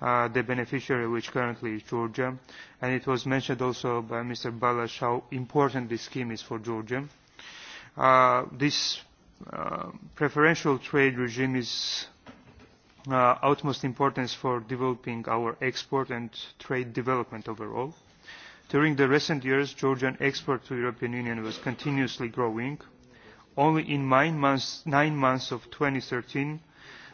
uh, the beneficiary, which currently is Georgia. And it was mentioned also by Mr. Balash how important this scheme is for Georgia. Uh, this uh, preferential trade regime is uh, utmost importance for developing our export and trade development overall. During the recent years, Georgian export to the European Union was continuously growing. Only in nine months, nine months of 2013,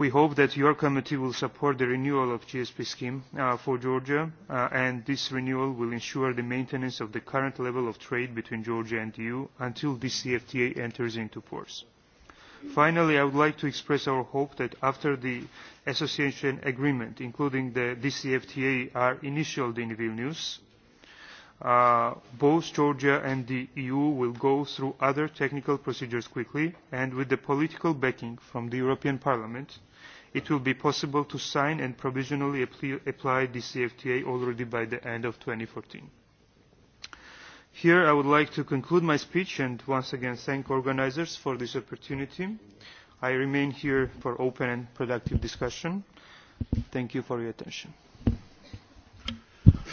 we hope that your committee will support the renewal of the gsp scheme uh, for georgia uh, and this renewal will ensure the maintenance of the current level of trade between georgia and e the eu until this cfta enters into force. finally i would like to express our hope that after the association agreement including the dcfta are initialled in vilnius uh, both Georgia and the EU will go through other technical procedures quickly and with the political backing from the European Parliament it will be possible to sign and provisionally apply the CFTA already by the end of 2014. Here I would like to conclude my speech and once again thank organizers for this opportunity. I remain here for open and productive discussion. Thank you for your attention.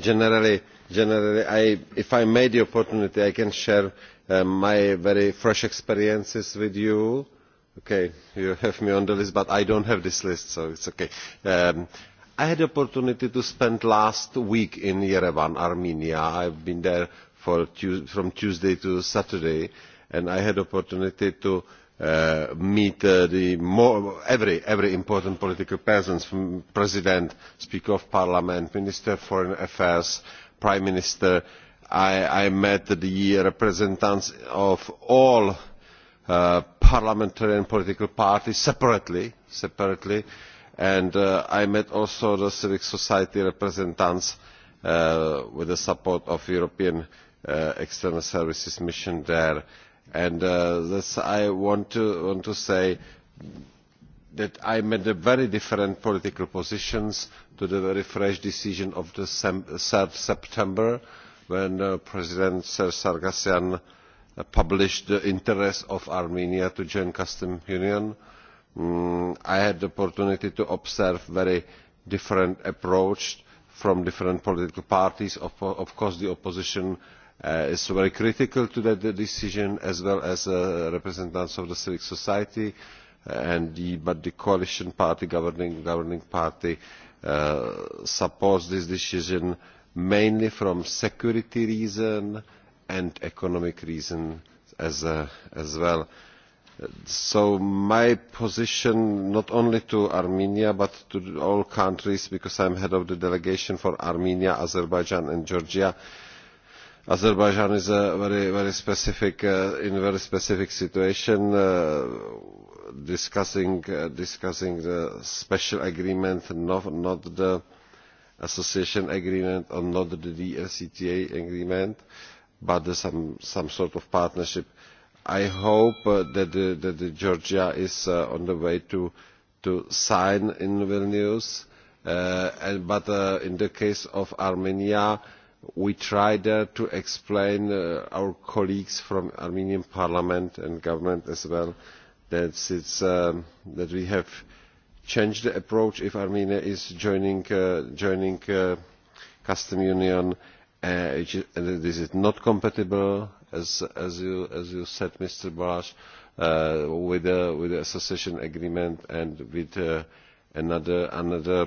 generally, generally I, if i may the opportunity i can share um, my very fresh experiences with you. okay you have me on the list but i don't have this list so it's is okay. Um, i had the opportunity to spend last week in yerevan armenia. i have been there from tuesday to saturday and i had the opportunity to Uh, meet uh, the more, every, every important political presence from president speaker of parliament minister of foreign affairs prime minister i, I met the representatives of all uh, parliamentary and political parties separately, separately and uh, i met also the civic society representatives uh, with the support of the european uh, external services mission there And uh, this I want to, want to say that I'm at a very different political positions to the very fresh decision of the 3rd September when uh, President Sir Sargassian uh, published the interest of Armenia to join custom union. Mm, I had the opportunity to observe very different approach from different political parties. Of, of course, the opposition Uh, is very critical to that decision as well as uh, representatives of civil society uh, and the, but the coalition party governing governing party uh, supports this decision mainly from security reason and economic reason as uh, as well so my position not only to armenia but to all countries because i'm head of the delegation for armenia azerbaijan and georgia uh, Azerbaijan is a very, very specific, uh, in very specific situation, uh, discussing, uh, discussing the special agreement, not, not the association agreement or not the DSCTA agreement, but the, some, some sort of partnership. I hope uh, that, that the Georgia is uh, on the way to, to sign in Vilnius, uh, and, but uh, in the case of Armenia, we tried uh, to explain uh, our colleagues from Armenian parliament and government as well that, it's, um, that we have changed the approach if Armenia is joining, uh, joining uh, custom union uh, which is, and this is not compatible as, as, you, as you said Mr. Balash uh, with, uh, with the association agreement and with uh, another, another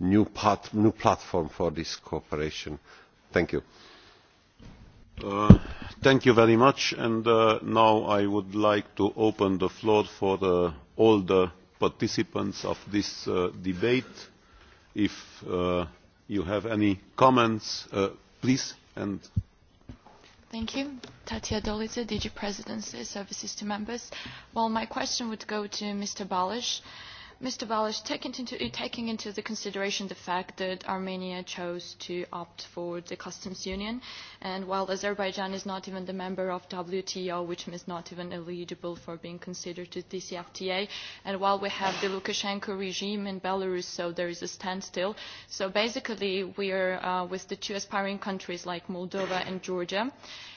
new, pat, new platform for this cooperation. Thank you. Uh, thank you very much. And uh, now I would like to open the floor for uh, all the participants of this uh, debate. If uh, you have any comments, uh, please. And Thank you. Tatia Dolice, DG Presidency, Services to Members. Well, my question would go to Mr. Balish. Mr. Balish, taking into, taking into the consideration the fact that Armenia chose to opt for the customs union, and while Azerbaijan is not even the member of WTO, which is not even eligible for being considered to DCFTA, and while we have the Lukashenko regime in Belarus, so there is a standstill. So basically, we are uh, with the two aspiring countries like Moldova and Georgia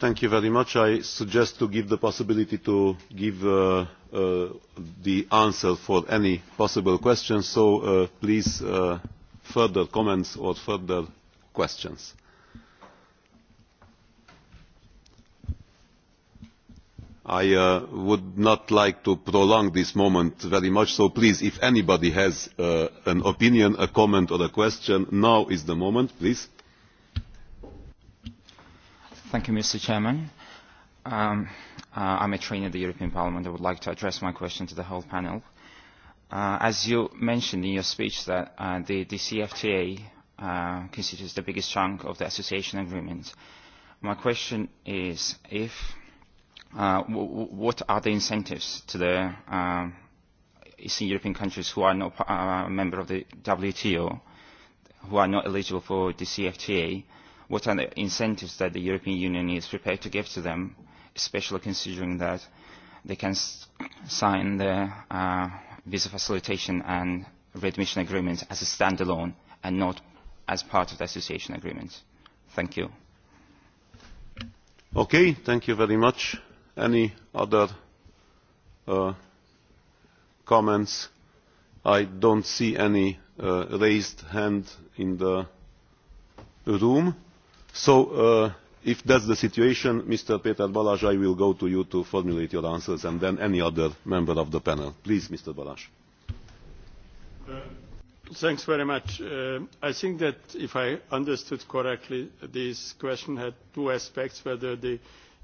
Thank you very much. I suggest to give the possibility to give uh, uh, the answer for any possible questions. So uh, please, uh, further comments or further questions. I uh, would not like to prolong this moment very much, so please, if anybody has uh, an opinion, a comment or a question, now is the moment, please. Thank you, Mr. Chairman. Um, uh, I'm a trainee at the European Parliament. I would like to address my question to the whole panel. Uh, as you mentioned in your speech that uh, the DCFTA uh, constitutes the biggest chunk of the association agreement. My question is if uh, w what are the incentives to the uh, Eastern European countries who are not uh, a member of the WTO, who are not eligible for the CFTA, what are the incentives that the European Union is prepared to give to them, especially considering that they can sign the uh, visa facilitation and readmission agreements as a standalone and not as part of the association agreement. Thank you. Okay, thank you very much. Any other uh, comments? I don't see any uh, raised hand in the room so uh, if that's the situation mr peter balazs i will go to you to formulate your answers and then any other member of the panel. please mr balazs. Uh, thanks very much. Uh, i think that if i understood correctly this question had two aspects whether the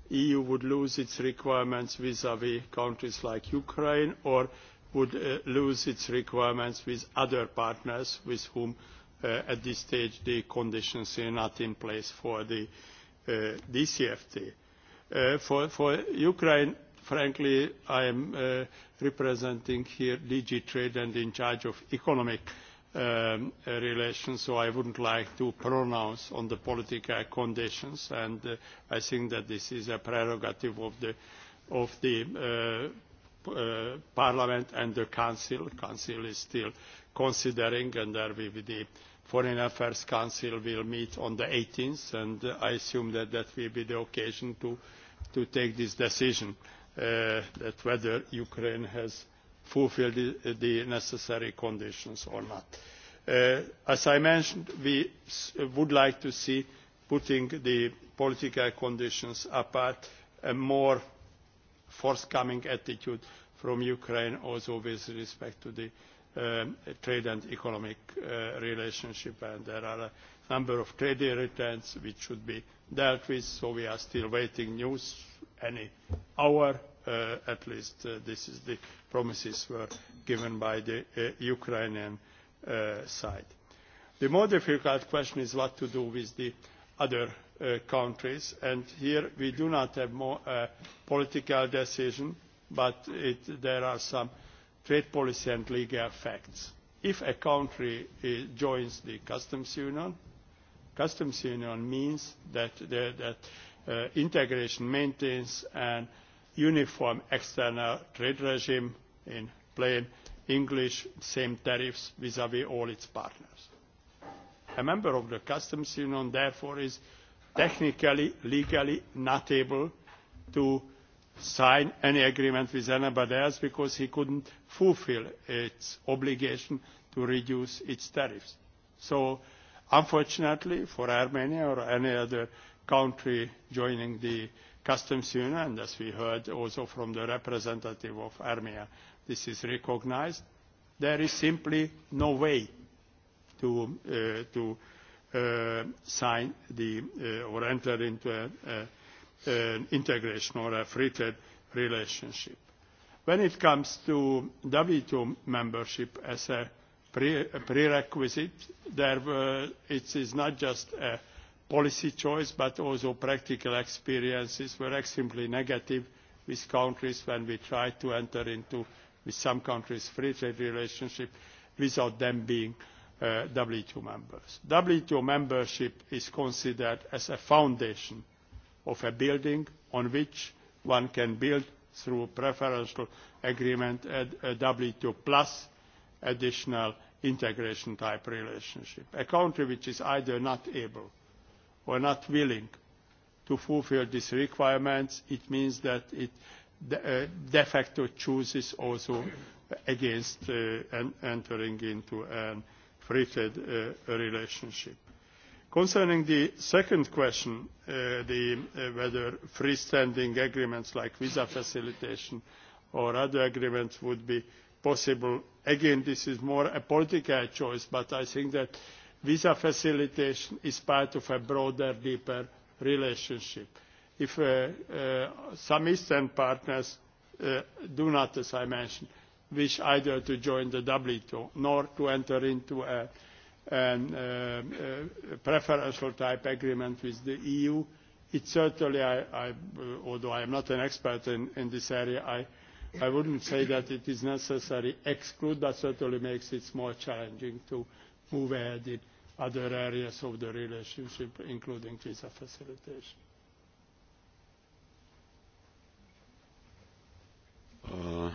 eu would lose its requirements vis à vis countries like ukraine or would uh, lose its requirements with other partners with whom Uh, at this stage, the conditions are not in place for the DCFT. Uh, uh, for, for Ukraine, frankly, I am uh, representing here DG Trade and in charge of economic um, relations, so I wouldn't like to pronounce on the political conditions, and I think that this is a prerogative of the, of the Uh, Parliament and the Council. Council is still considering, and there will be the Foreign Affairs Council will meet on the 18th, and I assume that that will be the occasion to, to take this decision uh, that whether Ukraine has fulfilled the, the necessary conditions or not. Uh, as I mentioned, we would like to see putting the political conditions apart a more forthcoming attitude from Ukraine also with respect to the um, trade and economic uh, relationship and there are a number of trade irritants which should be dealt with so we are still waiting news any hour uh, at least uh, this is the promises were given by the uh, Ukrainian uh, side. The more difficult question is what to do with the other Uh, countries and here we do not have more uh, political decision but it, there are some trade policy and legal facts. If a country uh, joins the customs union, customs union means that, the, that uh, integration maintains an uniform external trade regime in plain English, same tariffs vis-à-vis -vis all its partners. A member of the customs union therefore is technically legally not able to sign any agreement with anybody else because he could not fulfil its obligation to reduce its tariffs. so unfortunately for armenia or any other country joining the customs union and as we heard also from the representative of armenia this is recognised there is simply no way to, uh, uh, sign the uh, or enter into a, a, an integration or a free trade relationship. When it comes to WTO membership as a, pre, a prerequisite, there were, it is not just a policy choice, but also practical experiences were extremely negative with countries when we tried to enter into, with some countries, free trade relationship without them being uh, Uh, WTO members. WTO membership is considered as a foundation of a building on which one can build through preferential agreement at a WTO plus additional integration type relationship. A country which is either not able or not willing to fulfill these requirements, it means that it de, uh, de facto chooses also against uh, entering into an free trade uh, relationship. Concerning the second question, uh, the, uh, whether freestanding agreements like visa facilitation or other agreements would be possible, again, this is more a political choice, but I think that visa facilitation is part of a broader, deeper relationship. If uh, uh, some Eastern partners uh, do not, as I mentioned, wish either to join the WTO nor to enter into a, a, uh, uh, a preferential type agreement with the EU. It certainly, I, I, uh, although I am not an expert in, in this area, I, I wouldn't say that it is necessary exclude, but certainly makes it more challenging to move ahead in other areas of the relationship, including visa facilitation. Uh.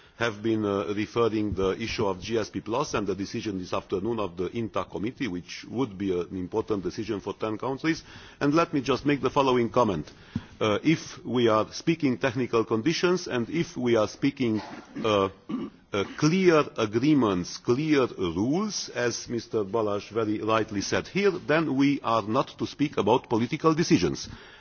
have been referring uh, referring the issue of GSP and the decision this afternoon of the INTA committee, which would be an important decision for ten countries. And let me just make the following comment. Uh, if we are speaking technical conditions and if we are speaking uh, clear agreements, clear rules, as Mr. Balas very rightly said here, then we are not to speak about political decisions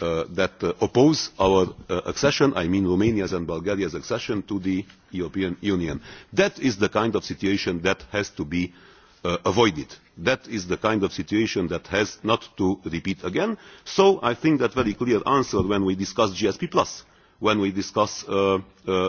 Uh, that uh, oppose our uh, accession, I mean Romania's and Bulgaria's accession to the European Union. That is the kind of situation that has to be uh, avoided. That is the kind of situation that has not to repeat again. So I think that very clear answer when we discuss GSP Plus when we discuss uh, uh, uh,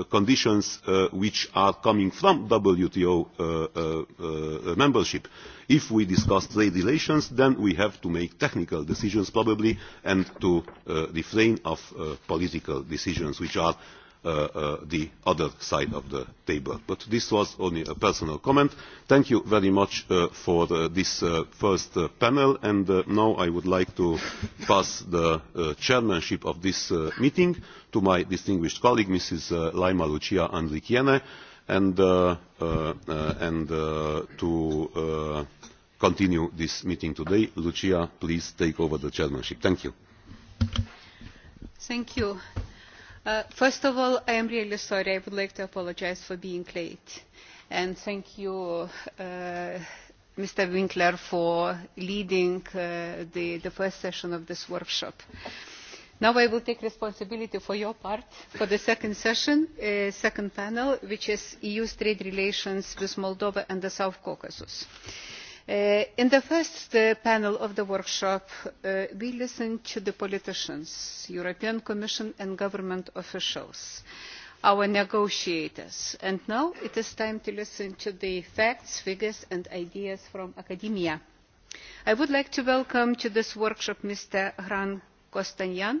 uh, conditions uh, which are coming from WTO uh, uh, uh, membership. If we discuss trade relations, then we have to make technical decisions probably and to uh, refrain of uh, political decisions which are uh, uh, the other side of the table. But this was only a personal comment. Thank you very much uh, for uh, this uh, first uh, panel, and uh, now I would like to pass the uh, chairmanship of this uh, meeting to my distinguished colleague, Mrs. Uh, Laima Lucia Andrikiene, and, uh, uh, uh, and uh, to uh, continue this meeting today. Lucia, please take over the chairmanship. Thank you. Thank you. Uh, first of all, I am really sorry. I would like to apologize for being late. And thank you, uh, Mr. Winkler, for leading uh, the, the first session of this workshop. Now I will take responsibility for your part for the second session, uh, second panel, which is EU's trade relations with Moldova and the South Caucasus. Uh, Uh, in the first uh, panel of the workshop uh, we listened to the politicians european commission and government officials our negotiators and now it is time to listen to the facts figures and ideas from academia. i would like to welcome to this workshop mr hrant kostanyan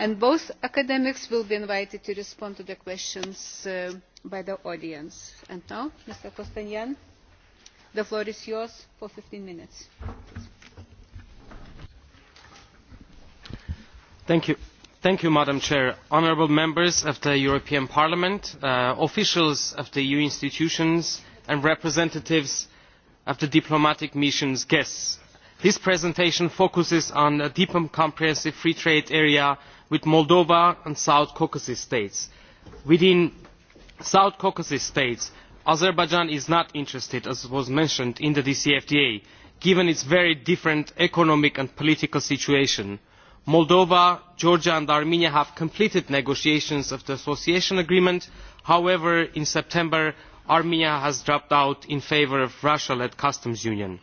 and both academics will be invited to respond to the questions uh, by the audience. And now, Mr. Kostanyan, the floor is yours for 15 minutes. Thank you. Thank you, Madam Chair. Honourable members of the European Parliament, uh, officials of the EU institutions and representatives of the diplomatic missions guests. This presentation focuses on a deep and comprehensive free trade area with moldova and south caucasus states. within south caucasus states azerbaijan is not interested as was mentioned in the dcfta given its very different economic and political situation. moldova georgia and armenia have completed negotiations of the association agreement. however in september armenia has dropped out in favour of russia led customs union.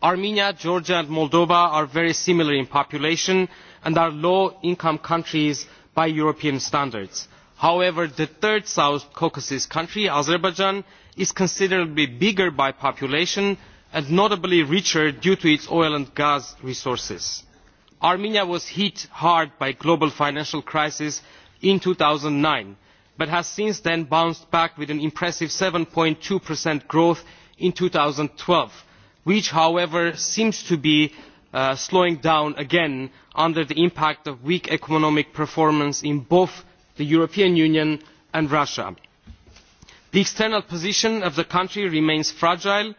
armenia georgia and moldova are very similar in population and are low income countries by european standards. however the third south caucasus country azerbaijan is considerably bigger by population and notably richer due to its oil and gas resources. armenia was hit hard by the global financial crisis in two thousand and nine but has since then bounced back with an impressive. seven two growth in two thousand and twelve which however seems to Uh, slowing down again under the impact of weak economic performance in both the european union and russia. the external position of the country remains fragile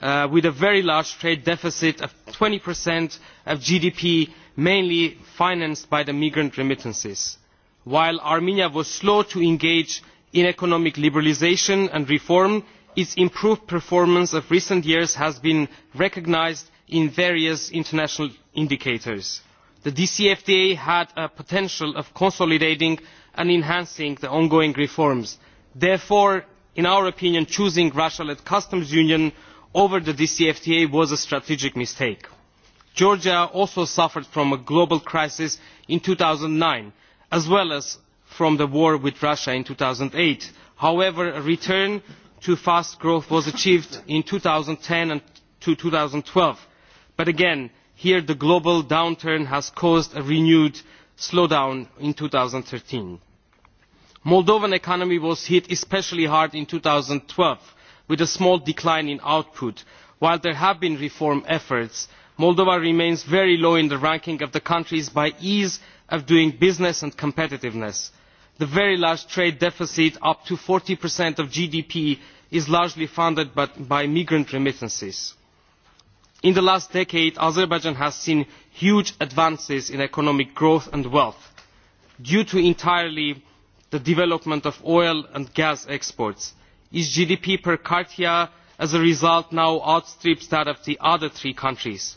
uh, with a very large trade deficit of twenty of gdp mainly financed by the migrant remittances. while armenia was slow to engage in economic liberalisation and reform its improved performance of recent years has been recognised in various international indicators. the dcfta had a potential of consolidating and enhancing the ongoing reforms. therefore in our opinion choosing russia led customs union over the dcfta was a strategic mistake. georgia also suffered from a global crisis in two thousand and nine as well as from the war with russia in. two thousand and eight however a return to fast growth was achieved in two thousand and ten and two thousand and twelve but again here the global downturn has caused a renewed slowdown in. two thousand and thirteen the moldovan economy was hit especially hard in two thousand and twelve with a small decline in output. while there have been reform efforts moldova remains very low in the ranking of the countries by ease of doing business and competitiveness. the very large trade deficit up to forty of gdp is largely funded by migrant remittances in the last decade azerbaijan has seen huge advances in economic growth and wealth due to entirely the development of oil and gas exports. its gdp per capita as a result now outstrips that of the other three countries.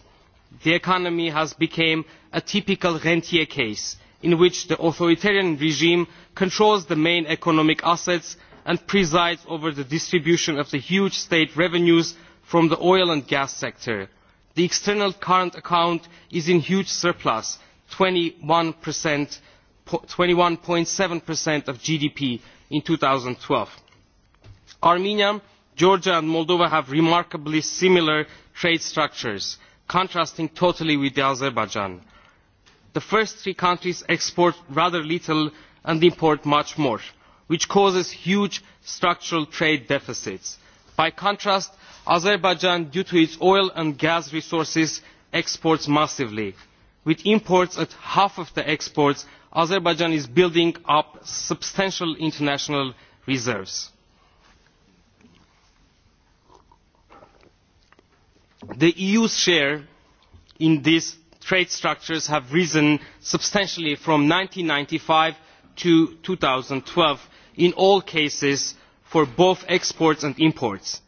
the economy has become a typical rentier case in which the authoritarian regime controls the main economic assets and presides over the distribution of the huge state revenues from the oil and gas sector the external current account is in huge surplus twenty one seven of gdp in. two thousand and twelve armenia georgia and moldova have remarkably similar trade structures contrasting totally with azerbaijan. the first three countries export rather little and import much more which causes huge structural trade deficits by contrast azerbaijan due to its oil and gas resources exports massively. with imports at half of the exports azerbaijan is building up substantial international reserves. the eu's share in these trade structures has risen substantially from one thousand nine hundred and ninety five to two thousand and twelve in all cases for both exports and imports.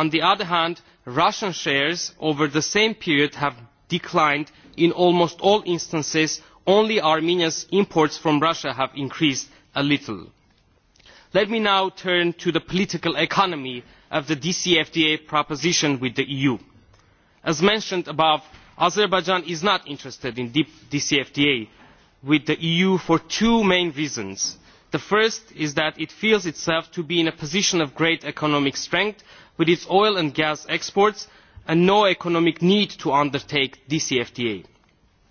on the other hand russian shares over the same period have declined in almost all instances only armenia's imports from russia have increased a little. let me now turn to the political economy of the dcfta proposition with the eu. as mentioned above azerbaijan is not interested in deep dcfta with the eu for two main reasons the first is that it feels itself to be in a position of great economic strength with its oil and gas exports and no economic need to undertake dcfta.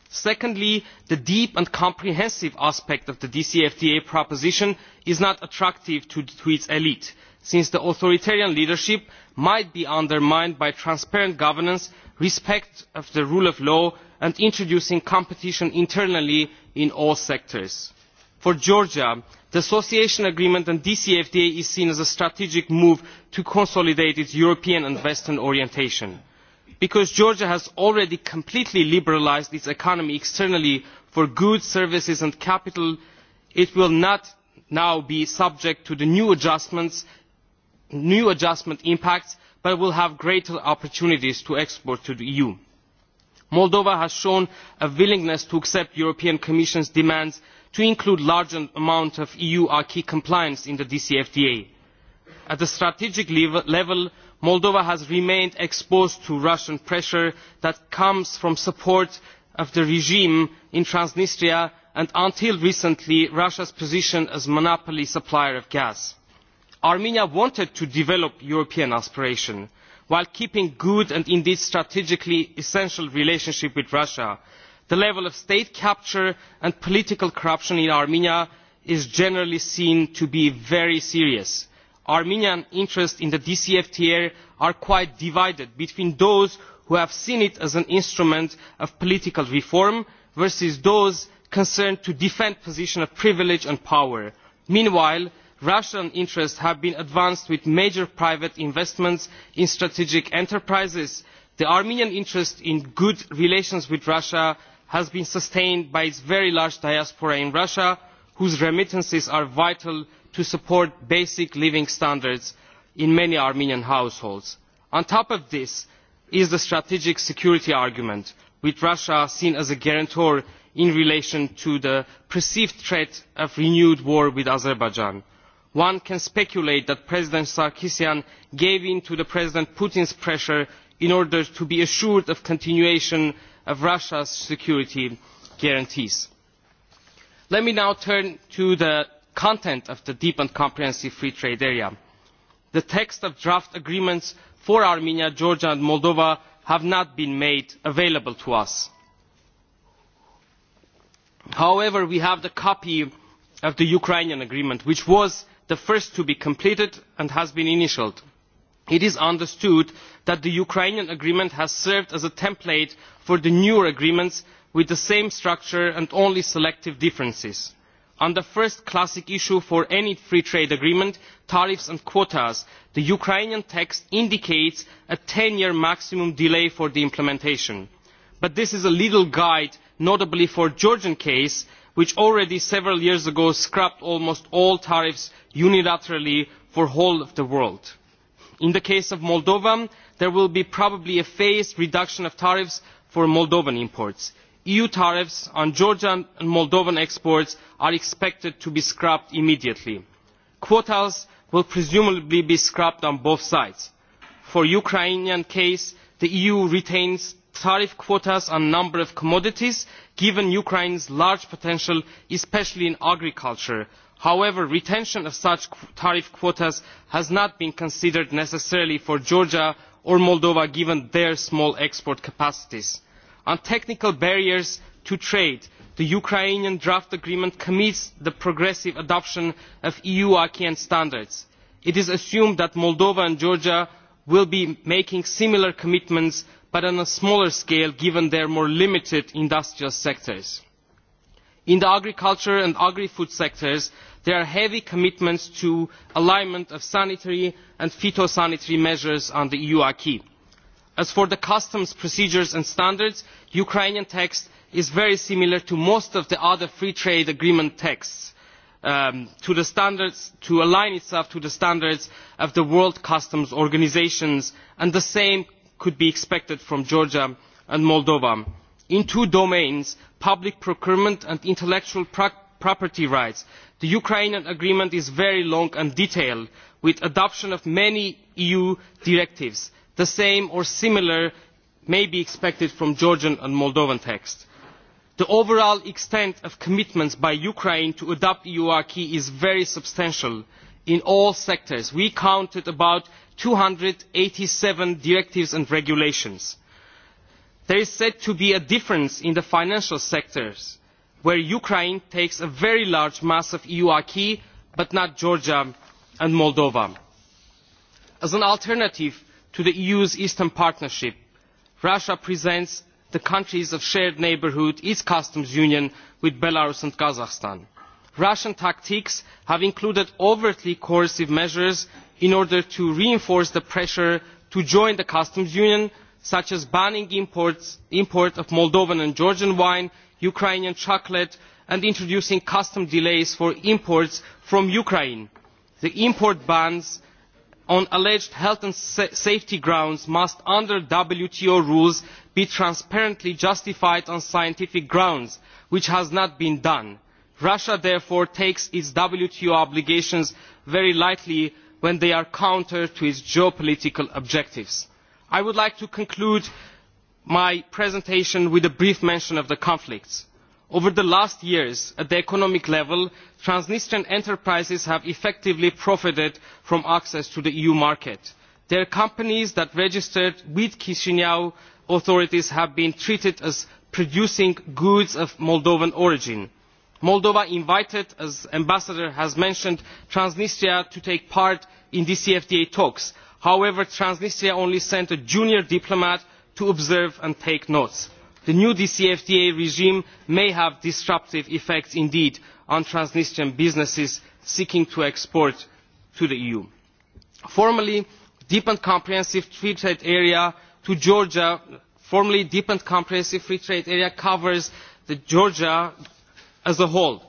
secondly the deep and comprehensive aspect of the dcfta proposition is not attractive to, to its elite since the authoritarian leadership might be undermined by transparent governance respect for the rule of law and introducing competition internally in all sectors for georgia the association agreement and dcfta is seen as a strategic move to consolidate its european and western orientation. because georgia has already completely liberalised its economy externally for goods services and capital it will not now be subject to the new, new adjustment impacts but will have greater opportunities to export to the eu. moldova has shown a willingness to accept the european commission's demands to include large amounts of eu acquis compliance in the dcfta. at the strategic level moldova has remained exposed to russian pressure that comes from support of the regime in transnistria and until recently russia's position as a monopoly supplier of gas. armenia wanted to develop european aspirations while keeping good and indeed strategically essential relationship with russia the level of state capture and political corruption in armenia is generally seen to be very serious. armenian interests in the dcfta are quite divided between those who have seen it as an instrument of political reform versus those concerned to defend a position of privilege and power. meanwhile russian interests have been advanced with major private investments in strategic enterprises. the armenian interest in good relations with russia has been sustained by its very large diaspora in russia whose remittances are vital to support basic living standards in many armenian households. on top of this is the strategic security argument with russia seen as a guarantor in relation to the perceived threat of renewed war with azerbaijan. one can speculate that president sarkisian gave in to president putin's pressure in order to be assured of continuation of russia's security guarantees. let me now turn to the content of the deep and comprehensive free trade area. the text of draft agreements for armenia georgia and moldova have not been made available to us. however we have the copy of the ukrainian agreement which was the first to be completed and has been initialled it is understood that the ukrainian agreement has served as a template for the newer agreements with the same structure and only selective differences. on the first classic issue for any free trade agreement tariffs and quotas the ukrainian text indicates a ten year maximum delay for the implementation but this is a legal guide notably for the georgian case which already several years ago scrapped almost all tariffs unilaterally for the whole of the world in the case of moldova there will probably be a phased reduction of tariffs for moldovan imports. eu tariffs on georgian and moldovan exports are expected to be scrapped immediately. quotas will presumably be scrapped on both sides. for the ukrainian case the eu retains tariff quotas on a number of commodities given ukraine's large potential especially in agriculture however retention of such tariff quotas has not been considered necessarily for georgia or moldova given their small export capacities. on technical barriers to trade the ukrainian draft agreement commits the progressive adoption of eu acquis and standards. it is assumed that moldova and georgia will be making similar commitments but on a smaller scale given their more limited industrial sectors in the agriculture and agri food sectors there are heavy commitments to alignment of sanitary and phytosanitary measures on the eu acquis. as for the customs procedures and standards the ukrainian text is very similar to most of the other free trade agreement texts um, to, to align itself to the standards of the world customs organisations and the same could be expected from georgia and moldova in two domains public procurement and intellectual property rights. the ukrainian agreement is very long and detailed with the adoption of many eu directives. the same or similar may be expected from georgian and moldovan texts. the overall extent of commitments by ukraine to adopt eu acquis is very substantial in all sectors. we counted about two hundred and eighty seven directives and regulations there is said to be a difference in the financial sectors where ukraine takes a very large mass of eu acquis but not georgia and moldova. as an alternative to the eu's eastern partnership russia presents the countries of shared neighbourhood its customs union with belarus and kazakhstan. russian tactics have included overtly coercive measures in order to reinforce the pressure to join the customs union such as banning imports, import of moldovan and georgian wine ukrainian chocolate and introducing custom delays for imports from ukraine. the import bans on alleged health and safety grounds must under wto rules be transparently justified on scientific grounds which has not been done. russia therefore takes its wto obligations very lightly when they are counter to its geopolitical objectives i would like to conclude my presentation with a brief mention of the conflicts. over the last years at the economic level transnistrian enterprises have effectively profited from access to the eu market. their companies that registered with chiinu authorities have been treated as producing goods of moldovan origin. moldova invited as the ambassador has mentioned transnistria to take part in the cfta talks however transnistria only sent a junior diplomat to observe and take notes. the new dcfta regime may have disruptive effects indeed on transnistrian businesses seeking to export to the eu. formally deep and comprehensive free trade area to georgia formally deep and comprehensive free trade area covers georgia as a whole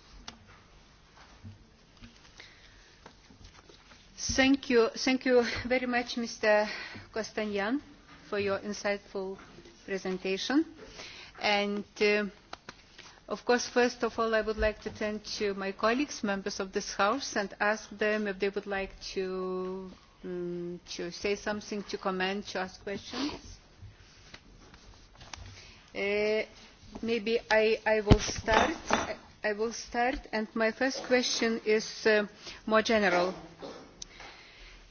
Thank you, thank you very much, Mr. Kostanyan, for your insightful presentation. And uh, of course, first of all, I would like to turn to my colleagues, members of this House, and ask them if they would like to, um, to say something, to comment, to ask questions. Uh, maybe I, I will start. I will start, and my first question is uh, more general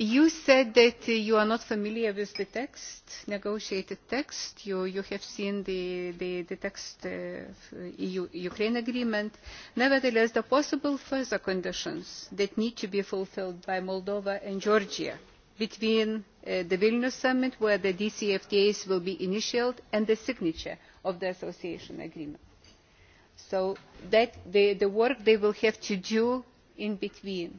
you said that you are not familiar with the text, negotiated text. You, you have seen the, the, the text uh, EU-Ukraine agreement. Nevertheless, the possible further conditions that need to be fulfilled by Moldova and Georgia between uh, the Vilnius summit, where the DCFTAs will be initialed, and the signature of the association agreement. So that the, the work they will have to do in between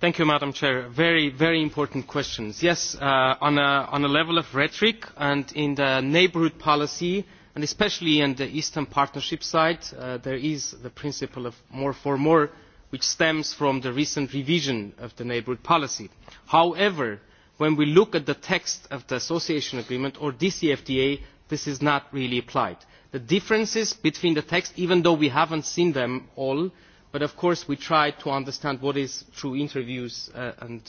You, madam president very, very important questions. yes uh, on, a, on a level of rhetoric and in the neighbourhood policy and especially on the eastern partnership side uh, there is the principle of more for more which stems from the recent revision of the neighbourhood policy. however when we look at the text of the association agreement or dcfta this is not really applied. the differences between the texts even though we have not seen them all but of course we try to understand what is through interviews uh, and,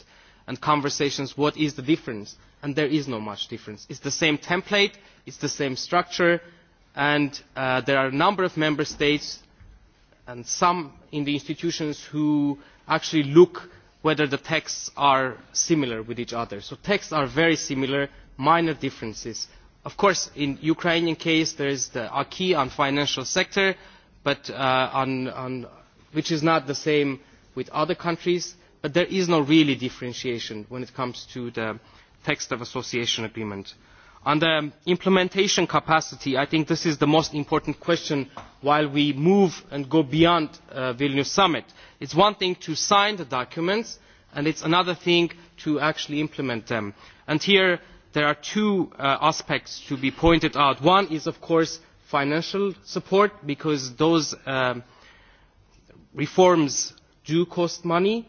and conversations what is the difference and there is not much difference. it is the same template it is the same structure and uh, there are a number of member states and some in the institutions who actually look whether the texts are similar with each other. so texts are very similar minor differences. of course in the ukrainian case there is the acquis on the financial sector but uh, on, on which is not the same with other countries but there is no real differentiation when it comes to the text of association agreement. on the implementation capacity i think this is the most important question while we move and go beyond the uh, vilnius summit. it is one thing to sign the documents and it is another thing to actually implement them. And here there are two uh, aspects to be pointed out. one is of course financial support because those um, reforms do cost money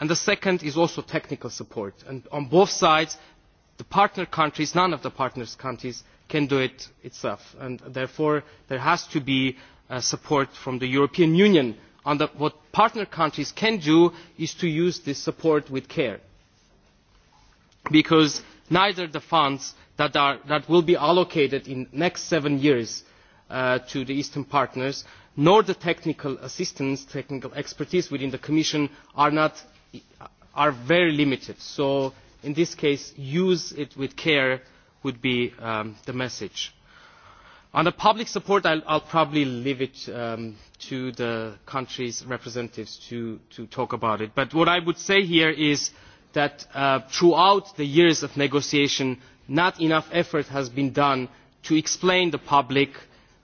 and the second is also technical support and on both sides the partner countries none of the partner countries can do it themselves and therefore there has to be uh, support from the european union on what partner countries can do is to use this support with care because neither the funds that, are, that will be allocated in the next seven years uh, to the eastern partners nor the technical assistance technical expertise within the commission are, not, are very limited so in this case use it with care would be um, the message. on the public support i will probably leave it um, to the countries' representatives to, to talk about it but what i would say here is that uh, throughout the years of negotiation not enough effort has been done to explain to the public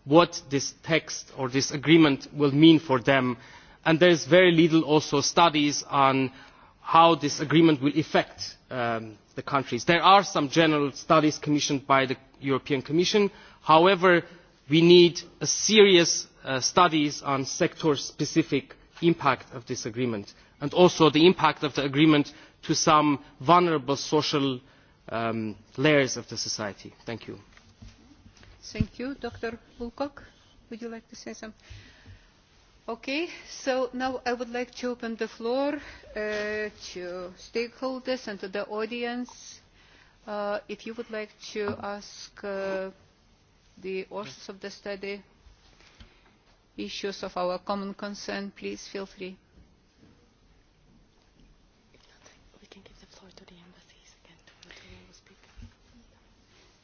what this text or this agreement will mean for them and there are very few studies on how this agreement will affect um, the countries. there are some general studies commissioned by the european commission. however we need serious uh, studies on sector specific impact of this agreement and also the impact of the agreement on some vulnerable social um, layers of society. thank Thank you. Dr. Wilcock, would you like to say something? Okay, so now I would like to open the floor uh, to stakeholders and to the audience. Uh, if you would like to ask uh, the authors of the study issues of our common concern, please feel free.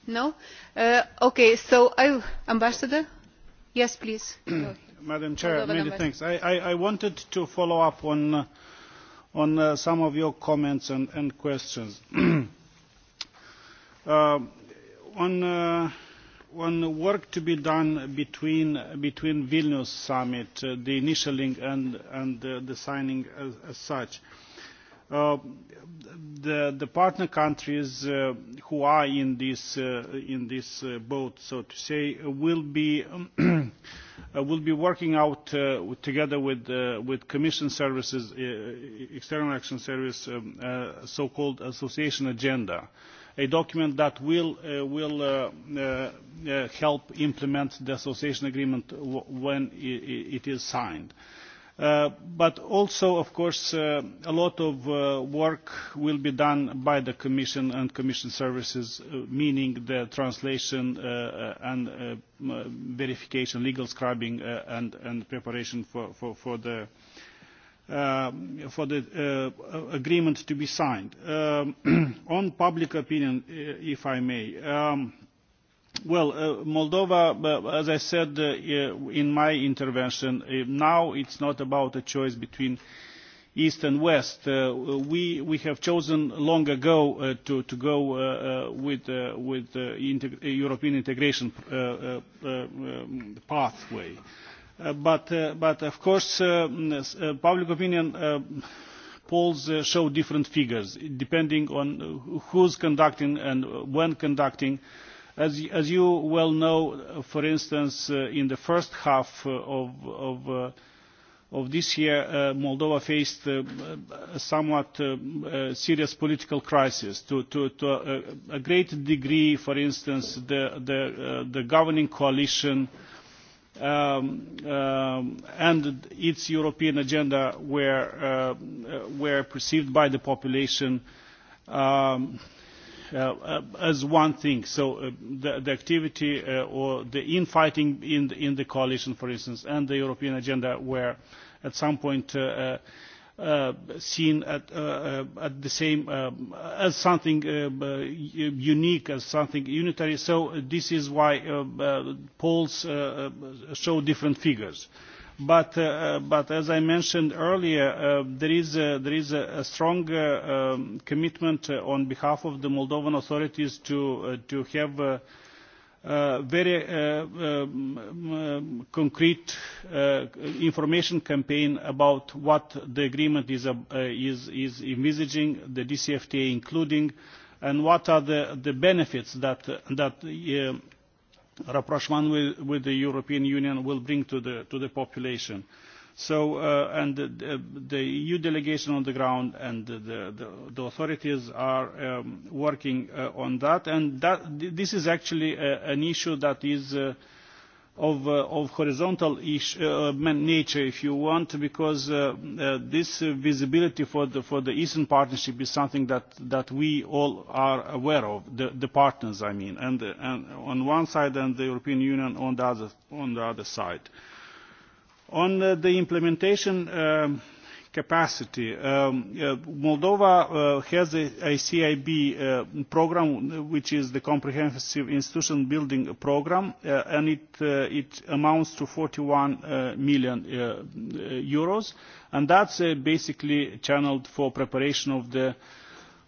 No? Uh, Madam president I, wanted to follow up on, uh, uh, some of your comments and, questions. on, uh, work to be done between, between Vilnius summit, the initialling and, the signing as, such. Uh, the, the partner countries uh, who are in this, uh, in this uh, boat, so to say, will be, um, uh, will be working out uh, together with, uh, with Commission services, uh, External Action Service, um, uh, so-called association agenda, a document that will, uh, will uh, uh, uh help implement the association agreement w when it, it is signed. Uh, but also, of course, uh, a lot of uh, work will be done by the Commission and Commission services, uh, meaning the translation uh, and verification, legal scrubbing, and, and preparation for, for, for the, um, for the agreement to be signed. Um, on public opinion, if I may, um, Well, uh, Moldova, uh, as I said uh, uh, in my intervention, uh, now it's not about a choice between east and west. Uh, we, we have chosen long ago uh, to, to go uh, uh, with, uh, with the integ uh, European integration uh, uh, um, pathway. Uh, but, uh, but of course, uh, uh, public opinion uh, polls uh, show different figures depending on who's conducting and when conducting uh, As, you well know, for instance, uh, in the first half uh, of, of, uh, of this year, uh, Moldova faced uh, a somewhat uh, uh, serious political crisis. To, to, to a, a great degree, for instance, the, the, uh, the governing coalition um, um, and its European agenda were, uh, uh were perceived by the population um, Uh, uh, as one thing. So uh, the, the activity uh, or the infighting in the, in the coalition, for instance, and the European agenda were at some point uh, uh, uh seen at, uh, uh, at the same uh, as something uh, unique, as something unitary. So this is why uh, uh, polls uh, show different figures. Uh, But, uh, uh, but as I mentioned earlier, uh, there is a, there is a, a strong uh, um, commitment uh, on behalf of the Moldovan authorities to, uh, to have uh, Uh, very uh, um, um, concrete uh, information campaign about what the agreement is, uh, is, is envisaging, the DCFTA including, and what are the, the benefits that, that uh, rapprochement with, with the European Union will bring to the, to the population. So, uh, and the, the EU e delegation on the ground and the, the, the authorities are um, working uh, on that. And that, this is actually a, uh, an issue that is uh, of, uh, of horizontal ish, uh, nature, if you want, because uh, uh, this uh, visibility for the, for the Eastern Partnership is something that, that we all are aware of, the, the partners, I mean, and, uh, and on one side and the European Union on the other, on the other side. On uh, the implementation, um, capacity. Um, uh, Moldova uh, has a, a CIB uh, program, which is the Comprehensive Institution Building Program, uh, and it, uh, it amounts to 41 uh, million uh, uh, euros, and that's uh, basically channeled for preparation of the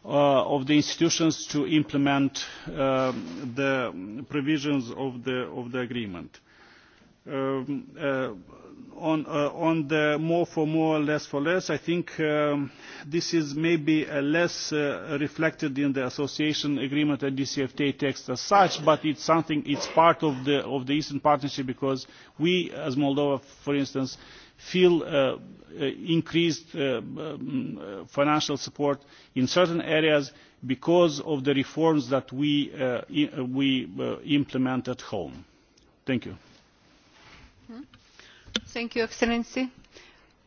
uh, of the institutions to implement uh, the provisions of the of the agreement. Um, uh, on, uh, on the more for more, less for less, I think um, this is maybe uh, less uh, reflected in the association agreement and DCFTA text as such, but it's something, it's part of the, of the Eastern Partnership because we, as Moldova, for instance, feel uh, uh increased uh, um, financial support in certain areas because of the reforms that we, uh, we uh, implement at home. Thank you. Hmm? Thank you, Excellency.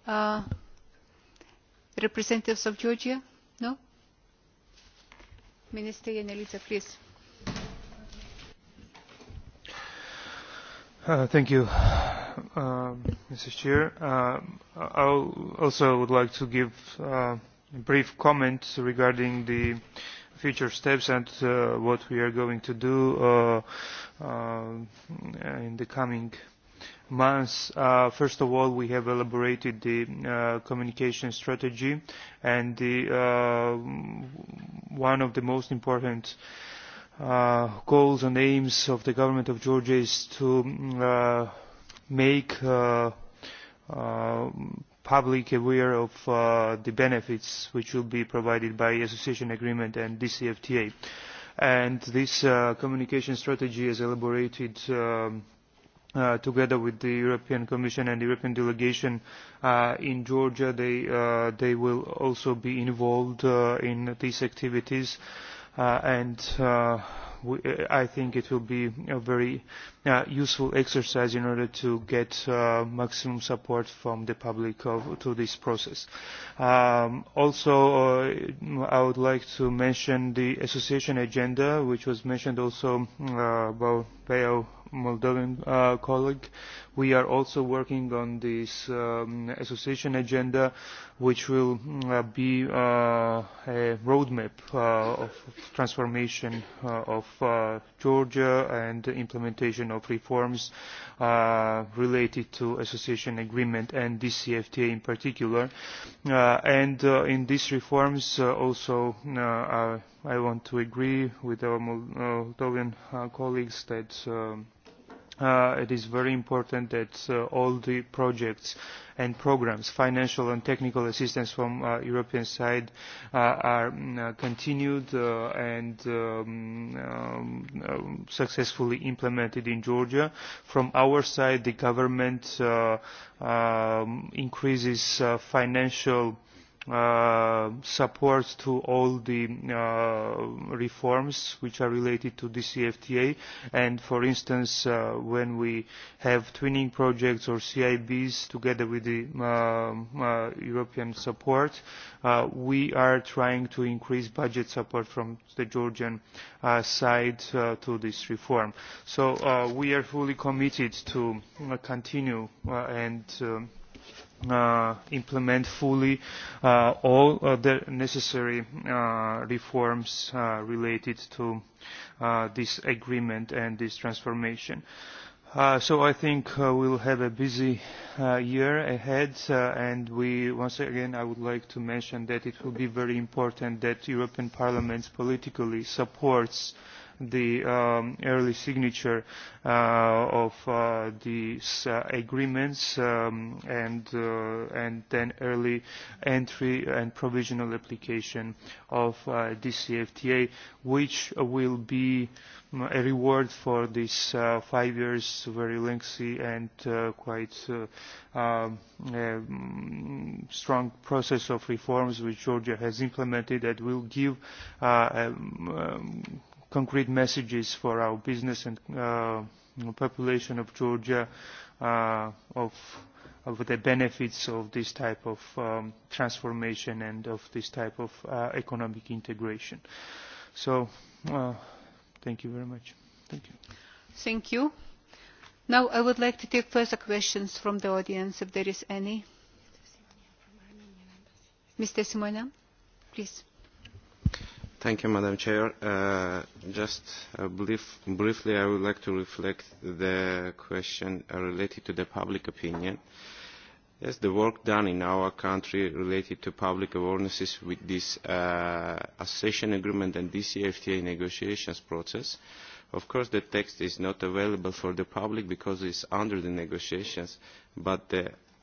Uh, representatives of Georgia? No? Minister Yanelitsa, please. Uh, thank you, uh, Mrs. Chair. Uh, I also would like to give uh, a brief comment regarding the future steps and uh, what we are going to do uh, uh, in the coming months, uh, first of all, we have elaborated the uh, communication strategy, and the, uh, one of the most important uh, goals and aims of the government of Georgia is to uh, make uh, uh, public aware of uh, the benefits which will be provided by association agreement and DCFTA. And this uh, communication strategy is elaborated um, uh, Uh, together with the European Commission and the European delegation uh, in Georgia. They, uh, they will also be involved uh, in these activities. Uh, and uh, we, I think it will be a very uh, useful exercise in order to get uh, maximum support from the public of, to this process. Um, also, uh, I would like to mention the association agenda, which was mentioned also uh, by our Moldovan uh, colleague, We are also working on this um, association agenda, which will uh, be uh, a roadmap uh, of transformation uh, of uh, Georgia and implementation of reforms uh, related to association agreement and DCFTA in particular. Uh, and uh, in these reforms uh, also uh, I want to agree with our uh, Moldovan uh, colleagues that um, uh, Uh, it is very important that uh, all the projects and programmes financial and technical assistance from the uh, european side uh, are mm, uh, continued and um, um, successfully implemented in georgia. from our side the government um, increases financial uh, support to all the uh, reforms which are related to the CFTA. And for instance, uh, when we have twinning projects or CIBs together with the uh, uh, European support, uh, we are trying to increase budget support from the Georgian uh, side uh, to this reform. So uh, we are fully committed to uh, continue uh, and uh, uh, implement fully uh, all uh, the necessary uh, reforms uh, related to uh, this agreement and this transformation. Uh, so I think uh, we'll have a busy uh, year ahead, uh, and we once again I would like to mention that it will be very important that European Parliament politically supports uh, the um, early signature uh, of uh, these uh, agreements um, and, uh, and then early entry and provisional application of uh, DCFTA, which will be mm, a reward for this uh, five years very lengthy and uh, quite uh, uh, strong process of reforms which Georgia has implemented that will give uh, mm, um, um, concrete messages for our business and uh, population of Georgia uh, of, of the benefits of this type of um, transformation and of this type of uh, economic integration. So uh, thank you very much. Thank you. Thank you. Now I would like to take further questions from the audience if there is any. Mr. Simona, please. Thank you, Madam Chair. Uh, just uh, brief, briefly, I would like to reflect the question related to the public opinion. Yes, the work done in our country related to public awarenesses with this uh, accession agreement and DCFTA e negotiations process. Of course, the text is not available for the public because it's under the negotiations, but the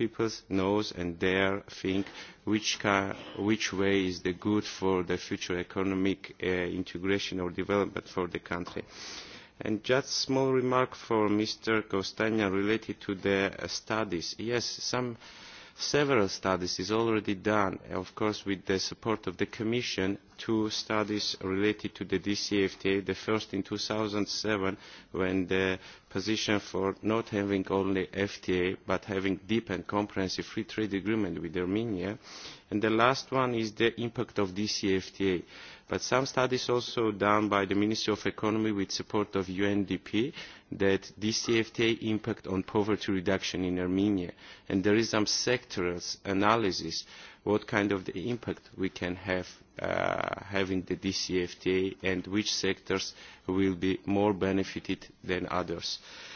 people knows and dare think which, car, which way is the good for the future economic uh, integration or development for the country. And just a small remark for Mr. Costagna related to the uh, studies. Yes, some uh, several studies is already done of course with the support of the commission two studies related to the dcfta the first in 2007, when the position for not having only fta but having deep and comprehensive free trade agreement with armenia and the last one is the impact of dcfta but some studies also done by the ministry of economy with support of undp that dcfta impact on poverty reduction in armenia and there is some sectoral analysis what kind of the impact we can have uh, having the dcfta and which sectors will be more benefited than others. Uh,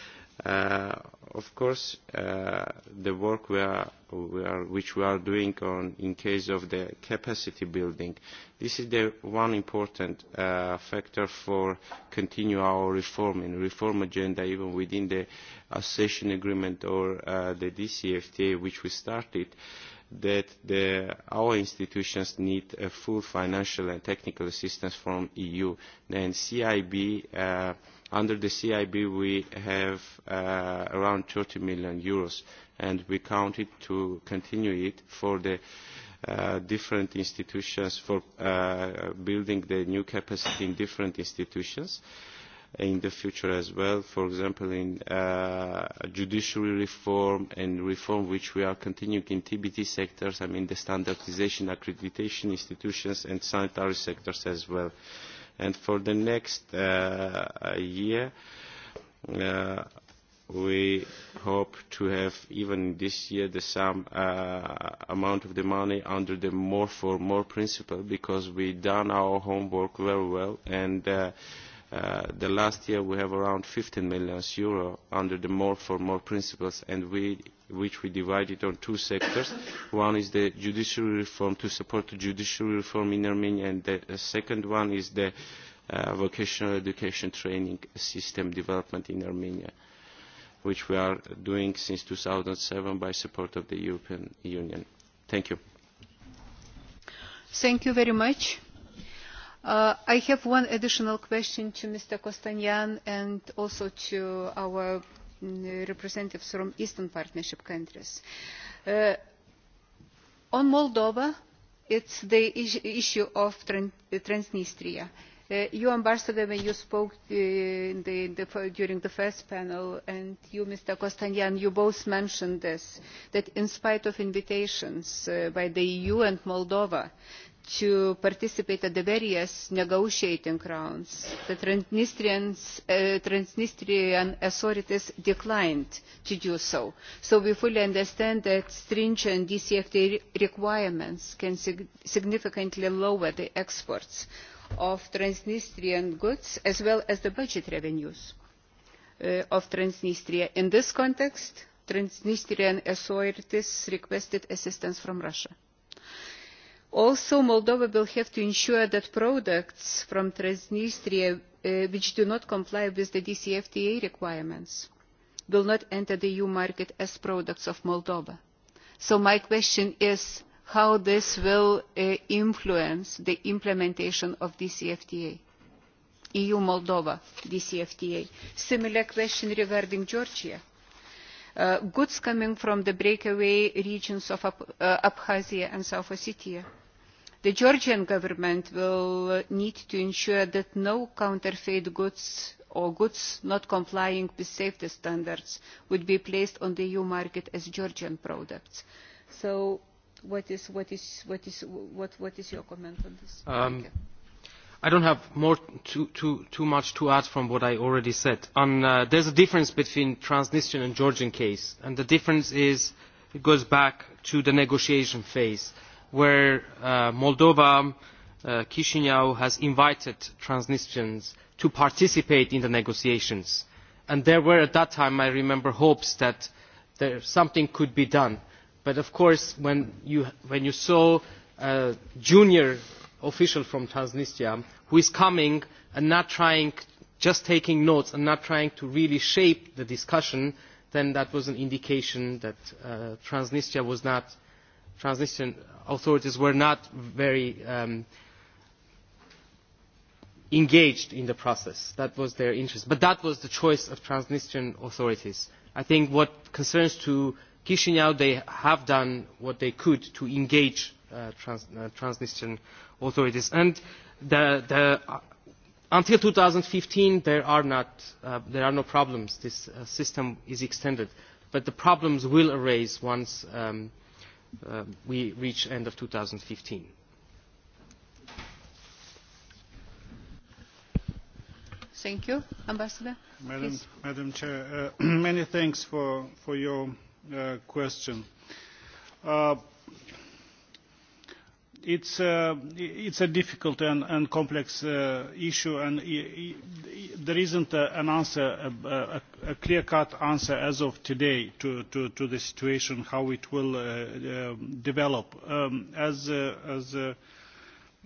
Uh, of course, uh, the work we are, we are, which we are doing on, in case of the capacity building, this is the one important uh, factor for continue our reform and reform agenda even within the accession agreement or uh, the DCFTA which we started that the, our institutions need a full financial and technical assistance from EU. Then CIB uh, Under the CIB, we have uh, around 30 million euros, and we count it to continue it for the uh, different institutions for uh, building the new capacity in different institutions in the future as well, for example, in uh, judiciary reform and reform which we are continuing in TBT sectors, I mean the standardization, accreditation institutions and sanitary sectors as well. Uh, and for the next uh, year uh, we hope to have even this year the same uh, amount of the money under the more for more principle because we done our homework very well and uh, uh, the last year we have around 15 million euro under the more for more principles and we which we divided on two sectors. One is the judiciary reform to support the judiciary reform in Armenia, and the second one is the uh, vocational education training system development in Armenia, which we are doing since 2007 by support of the European Union. Thank you. Thank you very much. Uh, I have one additional question to Mr. Kostanyan and also to our Э, representatives from eastern partnership countries. Uh, on moldova it is the issue of transnistria. Uh, you ambassador when you spoke uh, in the, in the, during the first panel and you mr costanyan you both mentioned this that in spite of invitations uh, by the eu and moldova to participate at the various negotiating rounds. The uh, Transnistrian authorities declined to do so. So we fully understand that stringent DCFT requirements can sig significantly lower the exports of Transnistrian goods as well as the budget revenues uh, of Transnistria. In this context, Transnistrian authorities requested assistance from Russia also moldova will have to ensure that products from transnistria uh, which do not comply with the dcfta requirements will not enter the eu market as products of moldova. so my question is how this will uh, influence the implementation of dcfta eu moldova dcfta. similar question regarding georgia. Uh, goods coming from the breakaway regions of abkhazia and south ossetia the georgian government will need to ensure that no counterfeit goods or goods not complying with safety standards would be placed on the eu market as georgian products. so what is, what is, what is, what, what is your comment on this? Um, I don't have more too, too, too much to add from what I already said. On, uh, there's a difference between Transnistrian and Georgian case, and the difference is it goes back to the negotiation phase where uh, Moldova, uh, Chisinau has invited Transnistrians to participate in the negotiations. And there were at that time, I remember, hopes that there, something could be done. But of course, when you, when you saw a junior official from Transnistria who is coming and not trying, just taking notes and not trying to really shape the discussion, then that was an indication that uh, Transnistria was not transition authorities were not very um, engaged in the process. That was their interest. But that was the choice of Transnistrian authorities. I think what concerns to Chisinau, they have done what they could to engage uh, trans, uh, Transnistrian authorities. And the, the, uh, until 2015, there are, not, uh, there are no problems. This uh, system is extended. But the problems will arise once um, uh, we reach end of 2015. Thank you. Ambassador, Madam, Madam Chair, uh, many thanks for, for your uh, question. Uh, it's, uh, it's a difficult and, and complex uh, issue, and there isn't an answer, a, a, a clear-cut answer as of today to, to, to the situation, how it will uh, uh, develop. Um, as, uh, as, uh,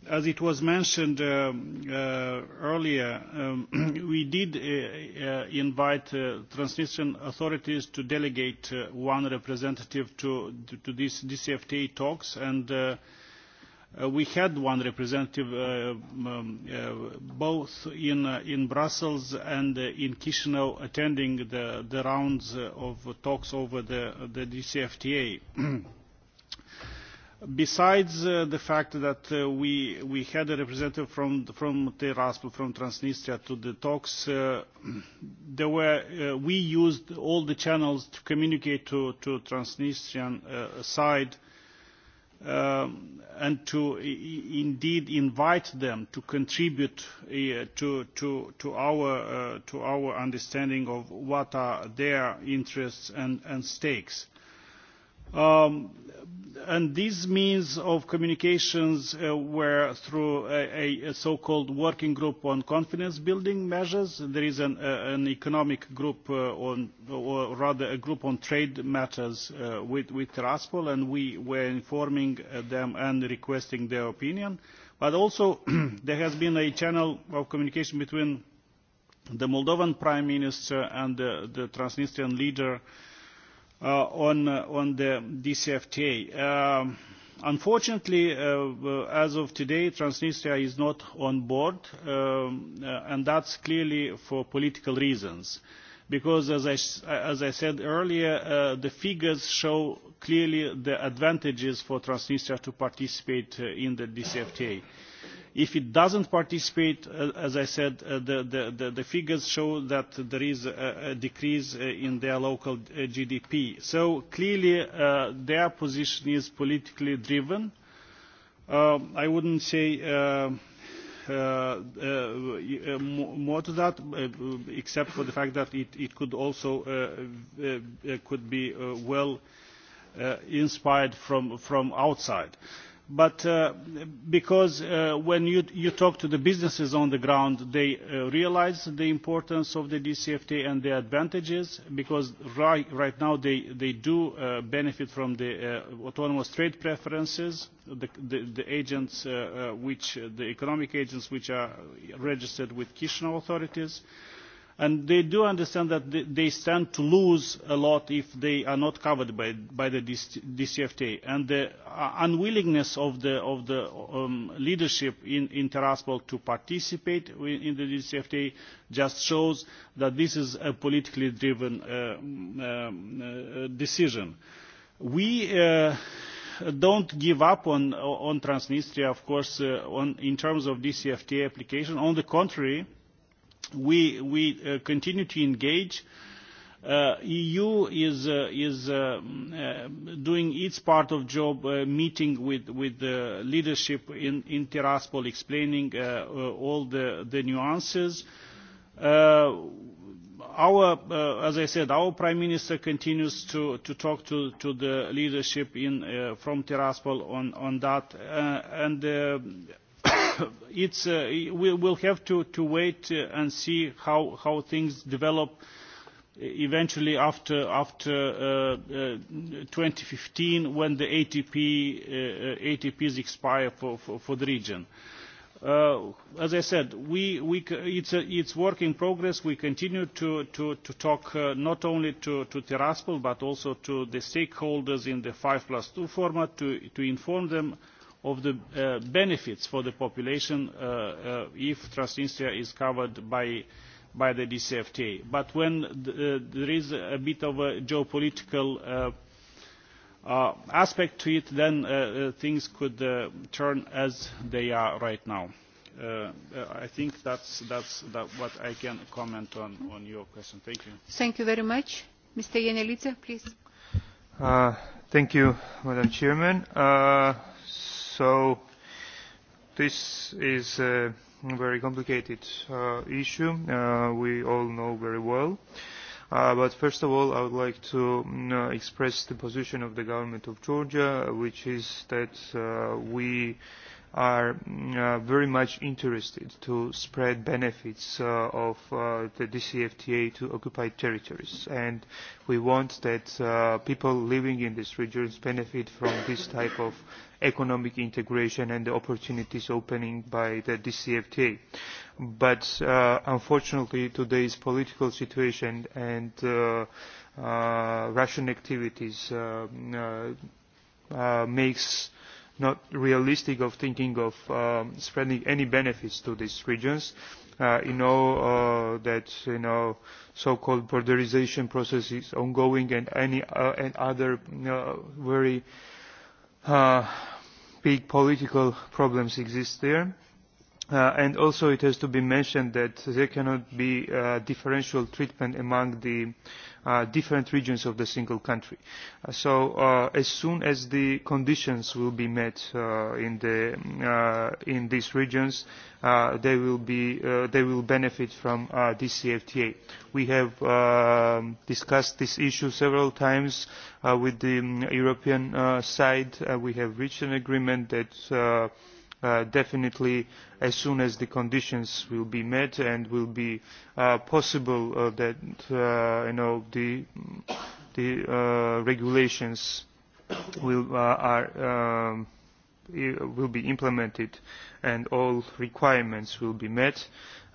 as it was mentioned um, uh, earlier, um, we did uh, uh, invite uh, Transnistrian authorities to delegate uh, one representative to, to, to these DCFTA talks, and uh, Uh, we had one representative uh, um, uh, both in, uh, in Brussels and uh, in Chisinau attending the, the rounds uh, of talks over the, the DCFTA. Besides uh, the fact that uh, we, we had a representative from, from Tiraspol, from Transnistria to the talks, uh, there were, uh, we used all the channels to communicate to, to Transnistrian uh, side uh, um, and to indeed invite them to contribute uh, to, to, to, our, uh, to our understanding of what are their interests and, and stakes. Um, and these means of communications uh, were through a, a so-called working group on confidence building measures. There is an, uh, an economic group uh, on, or rather a group on trade matters uh, with, with and we were informing uh, them and requesting their opinion. But also there has been a channel of communication between the Moldovan Prime Minister and the Transnistrian leader uh, Uh, on uh, on the DCFTA. Um, unfortunately, uh, uh, as of today, Transnistria is not on board, um, uh, and that's clearly for political reasons. Because, as I, as I said earlier, uh, the figures show clearly the advantages for Transnistria to participate uh, in the DCFTA. If it doesn't participate, uh, as I said, uh, the, figures show that there is a, decrease uh, in their local GDP. So clearly uh, their position is politically driven. Uh, I wouldn't say uh, uh, uh, more to that, except for the fact that it, it could also uh, uh, could be uh, well uh, inspired from, from outside. Uh, but uh, because uh, when you, you talk to the businesses on the ground, they uh, realize the importance of the DCFT and the advantages, because right, right now they, they do uh, benefit from the uh, autonomous trade preferences, the, the, the agents, uh, uh, which, the economic agents which are registered with Kishinev authorities. Uh, and they do understand that they stand to lose a lot if they are not covered by, by the DCFTA. And the uh, unwillingness of the, of the um, leadership in, in Tiraspol to participate in the DCFTA just shows that this is a politically driven uh, mm, um, uh, decision. We uh, don't give up on, on Transnistria, of course, uh, on, in terms of DCFTA application. On the contrary, uh, we, we uh, continue to engage. Uh, EU is, uh, is uh, uh, doing its part of job, uh, meeting with, with the leadership in, in Tiraspol, explaining uh, uh, all the, the nuances. Uh, our, uh, as I said, our Prime Minister continues to, to talk to, to the leadership in, uh, from Tiraspol on, on that. Uh, and uh, it's, uh, we will have to, to wait uh, and see how, how things develop uh, eventually after, after uh, uh, 2015 when the ATP, uh, uh ATPs expire for, for, for the region. Uh, as I said, we, we, it's, a, it's work in progress. We continue to, to, to talk uh, not only to, to Tiraspol but also to the stakeholders in the 5 plus 2 format to, to inform them of the uh, benefits for the population uh, uh, if Transnistria is covered by, the DCFTA. But when there is a bit of a geopolitical aspect to it, then things could turn as they are right now. I think that's, what I can comment on, on your question. Thank you. Thank you very much. Mr. Yanelica, please. thank you, Madam Chairman So this is a very complicated uh, issue. Uh, we all know very well. Uh, but first of all, I would like to mm, uh, express the position of the government of Georgia, which is that uh, we uh, are mm, uh, very much interested to spread benefits uh, of uh, the DCFTA to occupied territories. And we want that uh, people living in these regions benefit from this type of economic integration and the opportunities opening by the DCFTA. But uh, unfortunately, today's political situation and uh, uh, Russian activities uh, mm, uh, uh, makes not realistic of thinking of um, spreading any benefits to these regions. Uh, you know uh, that you know so-called borderization process is ongoing, and any uh, and other you uh, know, very uh, big political problems exist there Uh, and also it has to be mentioned that there cannot be uh, differential treatment among the uh, different regions of the single country. so uh, as soon as the conditions will be met uh, in, the, uh, in these regions, uh, they, will be, uh, they will benefit from uh, DCFTA. We have uh, discussed this issue several times uh, with the um, European uh, side. Uh, we have reached an agreement that uh, Uh, definitely as soon as the conditions will be met and will be uh, possible uh, that uh, you know the the uh, regulations will are um, will be implemented and all requirements will be met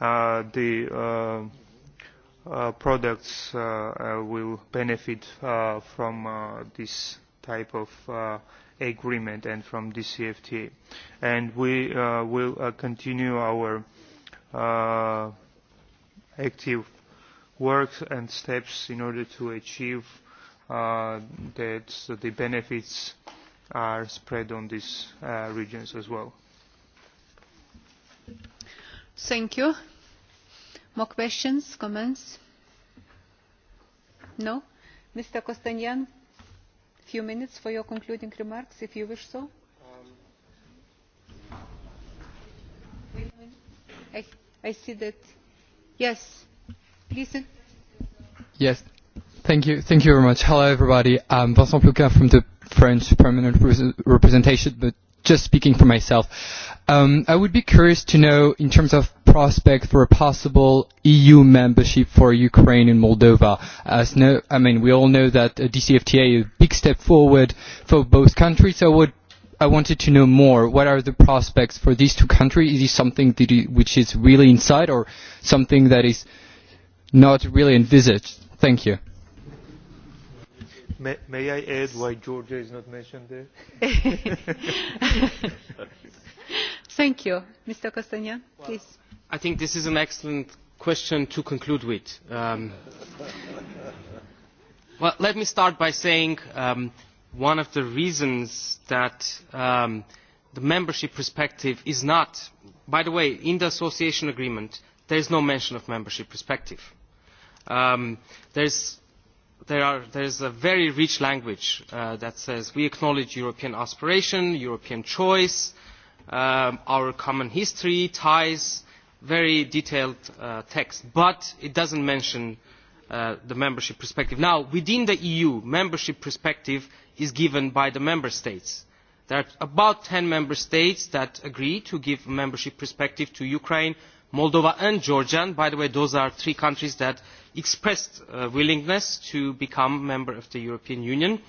the products will benefit from this type of agreement and from DCFTA. And we uh, will uh, continue our uh, active work and steps in order to achieve uh, that the benefits are spread on these uh, regions as well. Thank you. More questions, comments? No? Mr. Kostanyan? few minutes for your concluding remarks if you wish so. Um, I, I see that. Yes. Please. Yes. Thank you. Thank you very much. Hello, everybody. I'm Vincent Plouquin from the French Permanent Representation, but just speaking for myself, um, I would be curious to know, in terms of prospect for a possible EU membership for Ukraine and Moldova. As no, I mean, we all know that uh, a DCFTA is a big step forward for both countries. So I would, I wanted to know more. What are the prospects for these two countries? Is this something that you, which is really inside, or something that is not really envisaged? Thank you. May, may I add why Georgia is not mentioned there? Thank you. Mr. Castagnan, well, please. I think this is an excellent question to conclude with. Um, well, let me start by saying um, one of the reasons that um, the membership perspective is not, by the way, in the association agreement, there is no mention of membership perspective. Um, there's there, are, there is a very rich language uh, that says we acknowledge European aspiration, European choice, um, our common history, ties, very detailed uh, text, but it doesn't mention uh, the membership perspective. Now, within the EU, membership perspective is given by the member states. There are about 10 member states that agree to give membership perspective to Ukraine, moldova and georgia and by the way those are three countries that expressed a uh, willingness to become members of the european union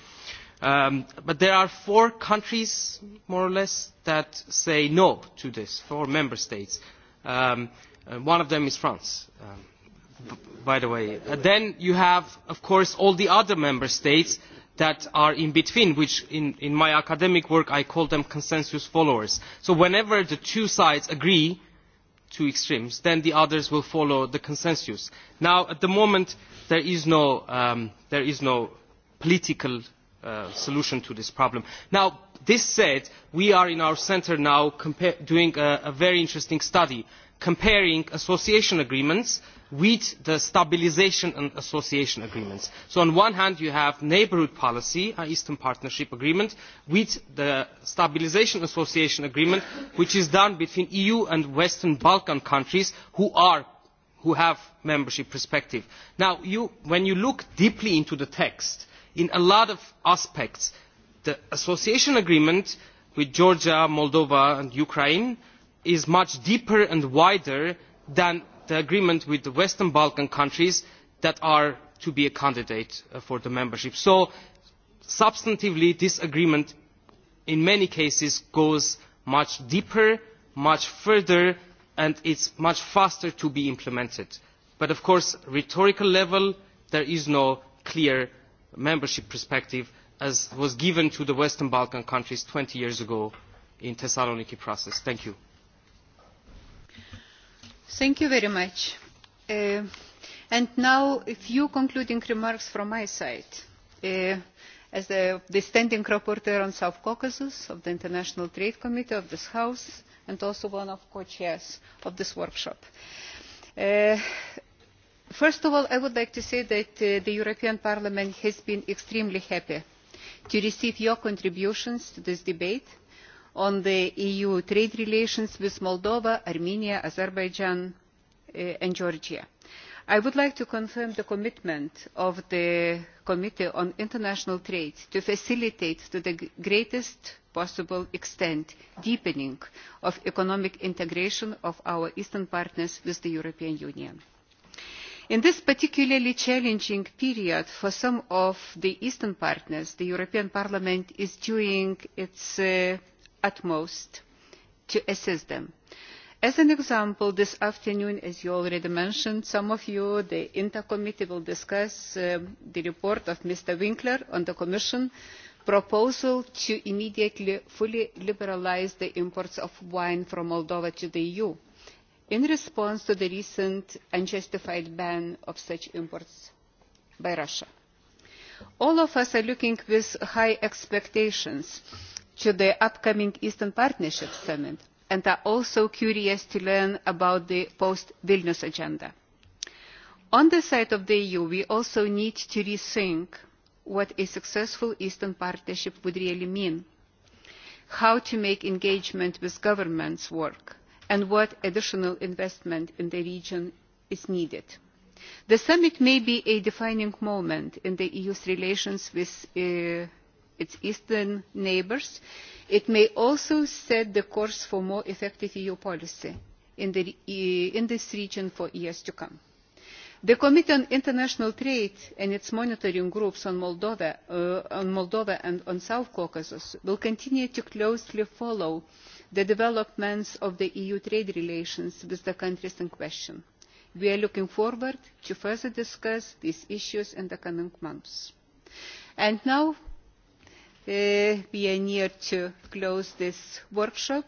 um, but there are four countries more or less that say no to this four member states and um, uh, one of them is france um, by the way. then you have of course all the other member states that are in between which in, my academic work i call consensus followers. so whenever the two sides agree two extremes then the others will follow the consensus. Now, at the moment there is no, um, there is no political uh, solution to this problem. Now, this said we are in our centre now doing a, a very interesting study comparing association agreements with the stabilisation and association agreements. so on the one hand you have neighbourhood policy an uh, eastern partnership agreement with the stabilisation and association agreement which is done between the eu and western balkan countries who, are, who have membership perspective. now when you look deeply into the text in a lot of aspects the association agreement with georgia moldova and ukraine is much deeper and wider than the agreement with the western balkan countries that are to be a candidate uh, for membership. so substantively this agreement in many cases goes much deeper much further and it is much faster to be implemented. but of course at rhetorical level there is no clear membership perspective as was given to the western balkan countries twenty years ago in the thessaloniki process. thank you. Thank you very much. Uh, and now a few concluding remarks from my side. Uh, as the, the standing rapporteur on South Caucasus of the International Trade Committee of this House and also one of co-chairs of this workshop. Uh, first of all, I would like to say that uh, the European Parliament has been extremely happy to receive your contributions to this debate on the eu trade relations with moldova armenia azerbaijan eh, and georgia. i would like to confirm the commitment of the committee on international trade to facilitate to the greatest possible extent deepening of economic integration of our eastern partners with the european union. in this particularly challenging period for some of the eastern partners the european parliament is doing its uh, utmost to assist them. as an example this afternoon as you already mentioned some of you the inta committee will discuss uh, the report of mr winkler on the commission proposal to immediately fully liberalise the imports of wine from moldova to the eu in response to the recent unjustified ban of such imports by russia. all of us are looking with high expectations to the upcoming Eastern Partnership Summit and are also curious to learn about the post-Vilnius agenda. On the side of the EU, we also need to rethink what a successful Eastern Partnership would really mean, how to make engagement with governments work, and what additional investment in the region is needed. The summit may be a defining moment in the EU's relations with uh, its eastern neighbours it may also set the course for more effective eu policy e, in, this region for years to come. the committee on international trade and its monitoring groups on moldova, uh, and on the south caucasus will continue to closely follow the developments of the eu trade relations with the countries in question. we are looking forward to further discussing these issues in the coming months. now Uh, be a near to close this workshop.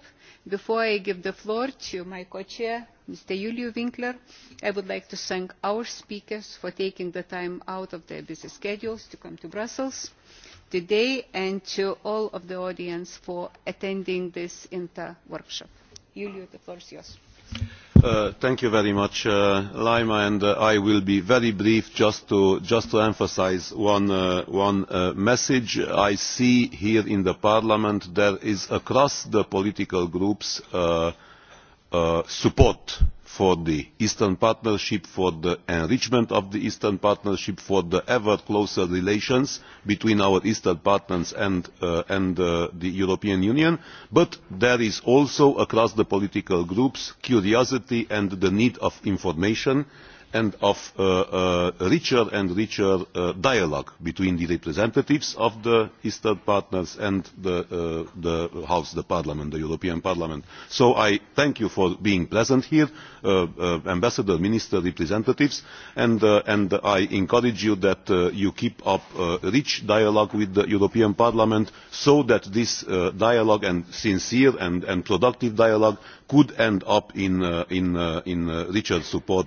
Before I give the floor to my co-chair, Mr. Julio Winkler, I would like to thank our speakers for taking the time out of their busy schedules to come to Brussels today and to all of the audience for attending this inter workshop. the floor is yours. Uh, thank you very much, uh, Lima, and uh, I will be very brief just to, just to one, one message. I see here in the Parliament there is across the political groups for support for the Eastern Partnership, for the enrichment of the Eastern Partnership, for the ever closer relations between our Eastern partners and, uh, and uh, the European Union. But there is also across the political groups curiosity and the need of information and of uh, uh, richer and richer uh, dialogue between the representatives of the Eastern partners and the, uh, the House, the Parliament, the European Parliament. So I thank you for being present here, uh, uh, Ambassador, Minister, representatives, and, uh, and I encourage you that uh, you keep up uh, rich dialogue with the European Parliament so that this uh, dialogue and sincere and, and productive dialogue could end up in, uh, in, uh, in uh, richer support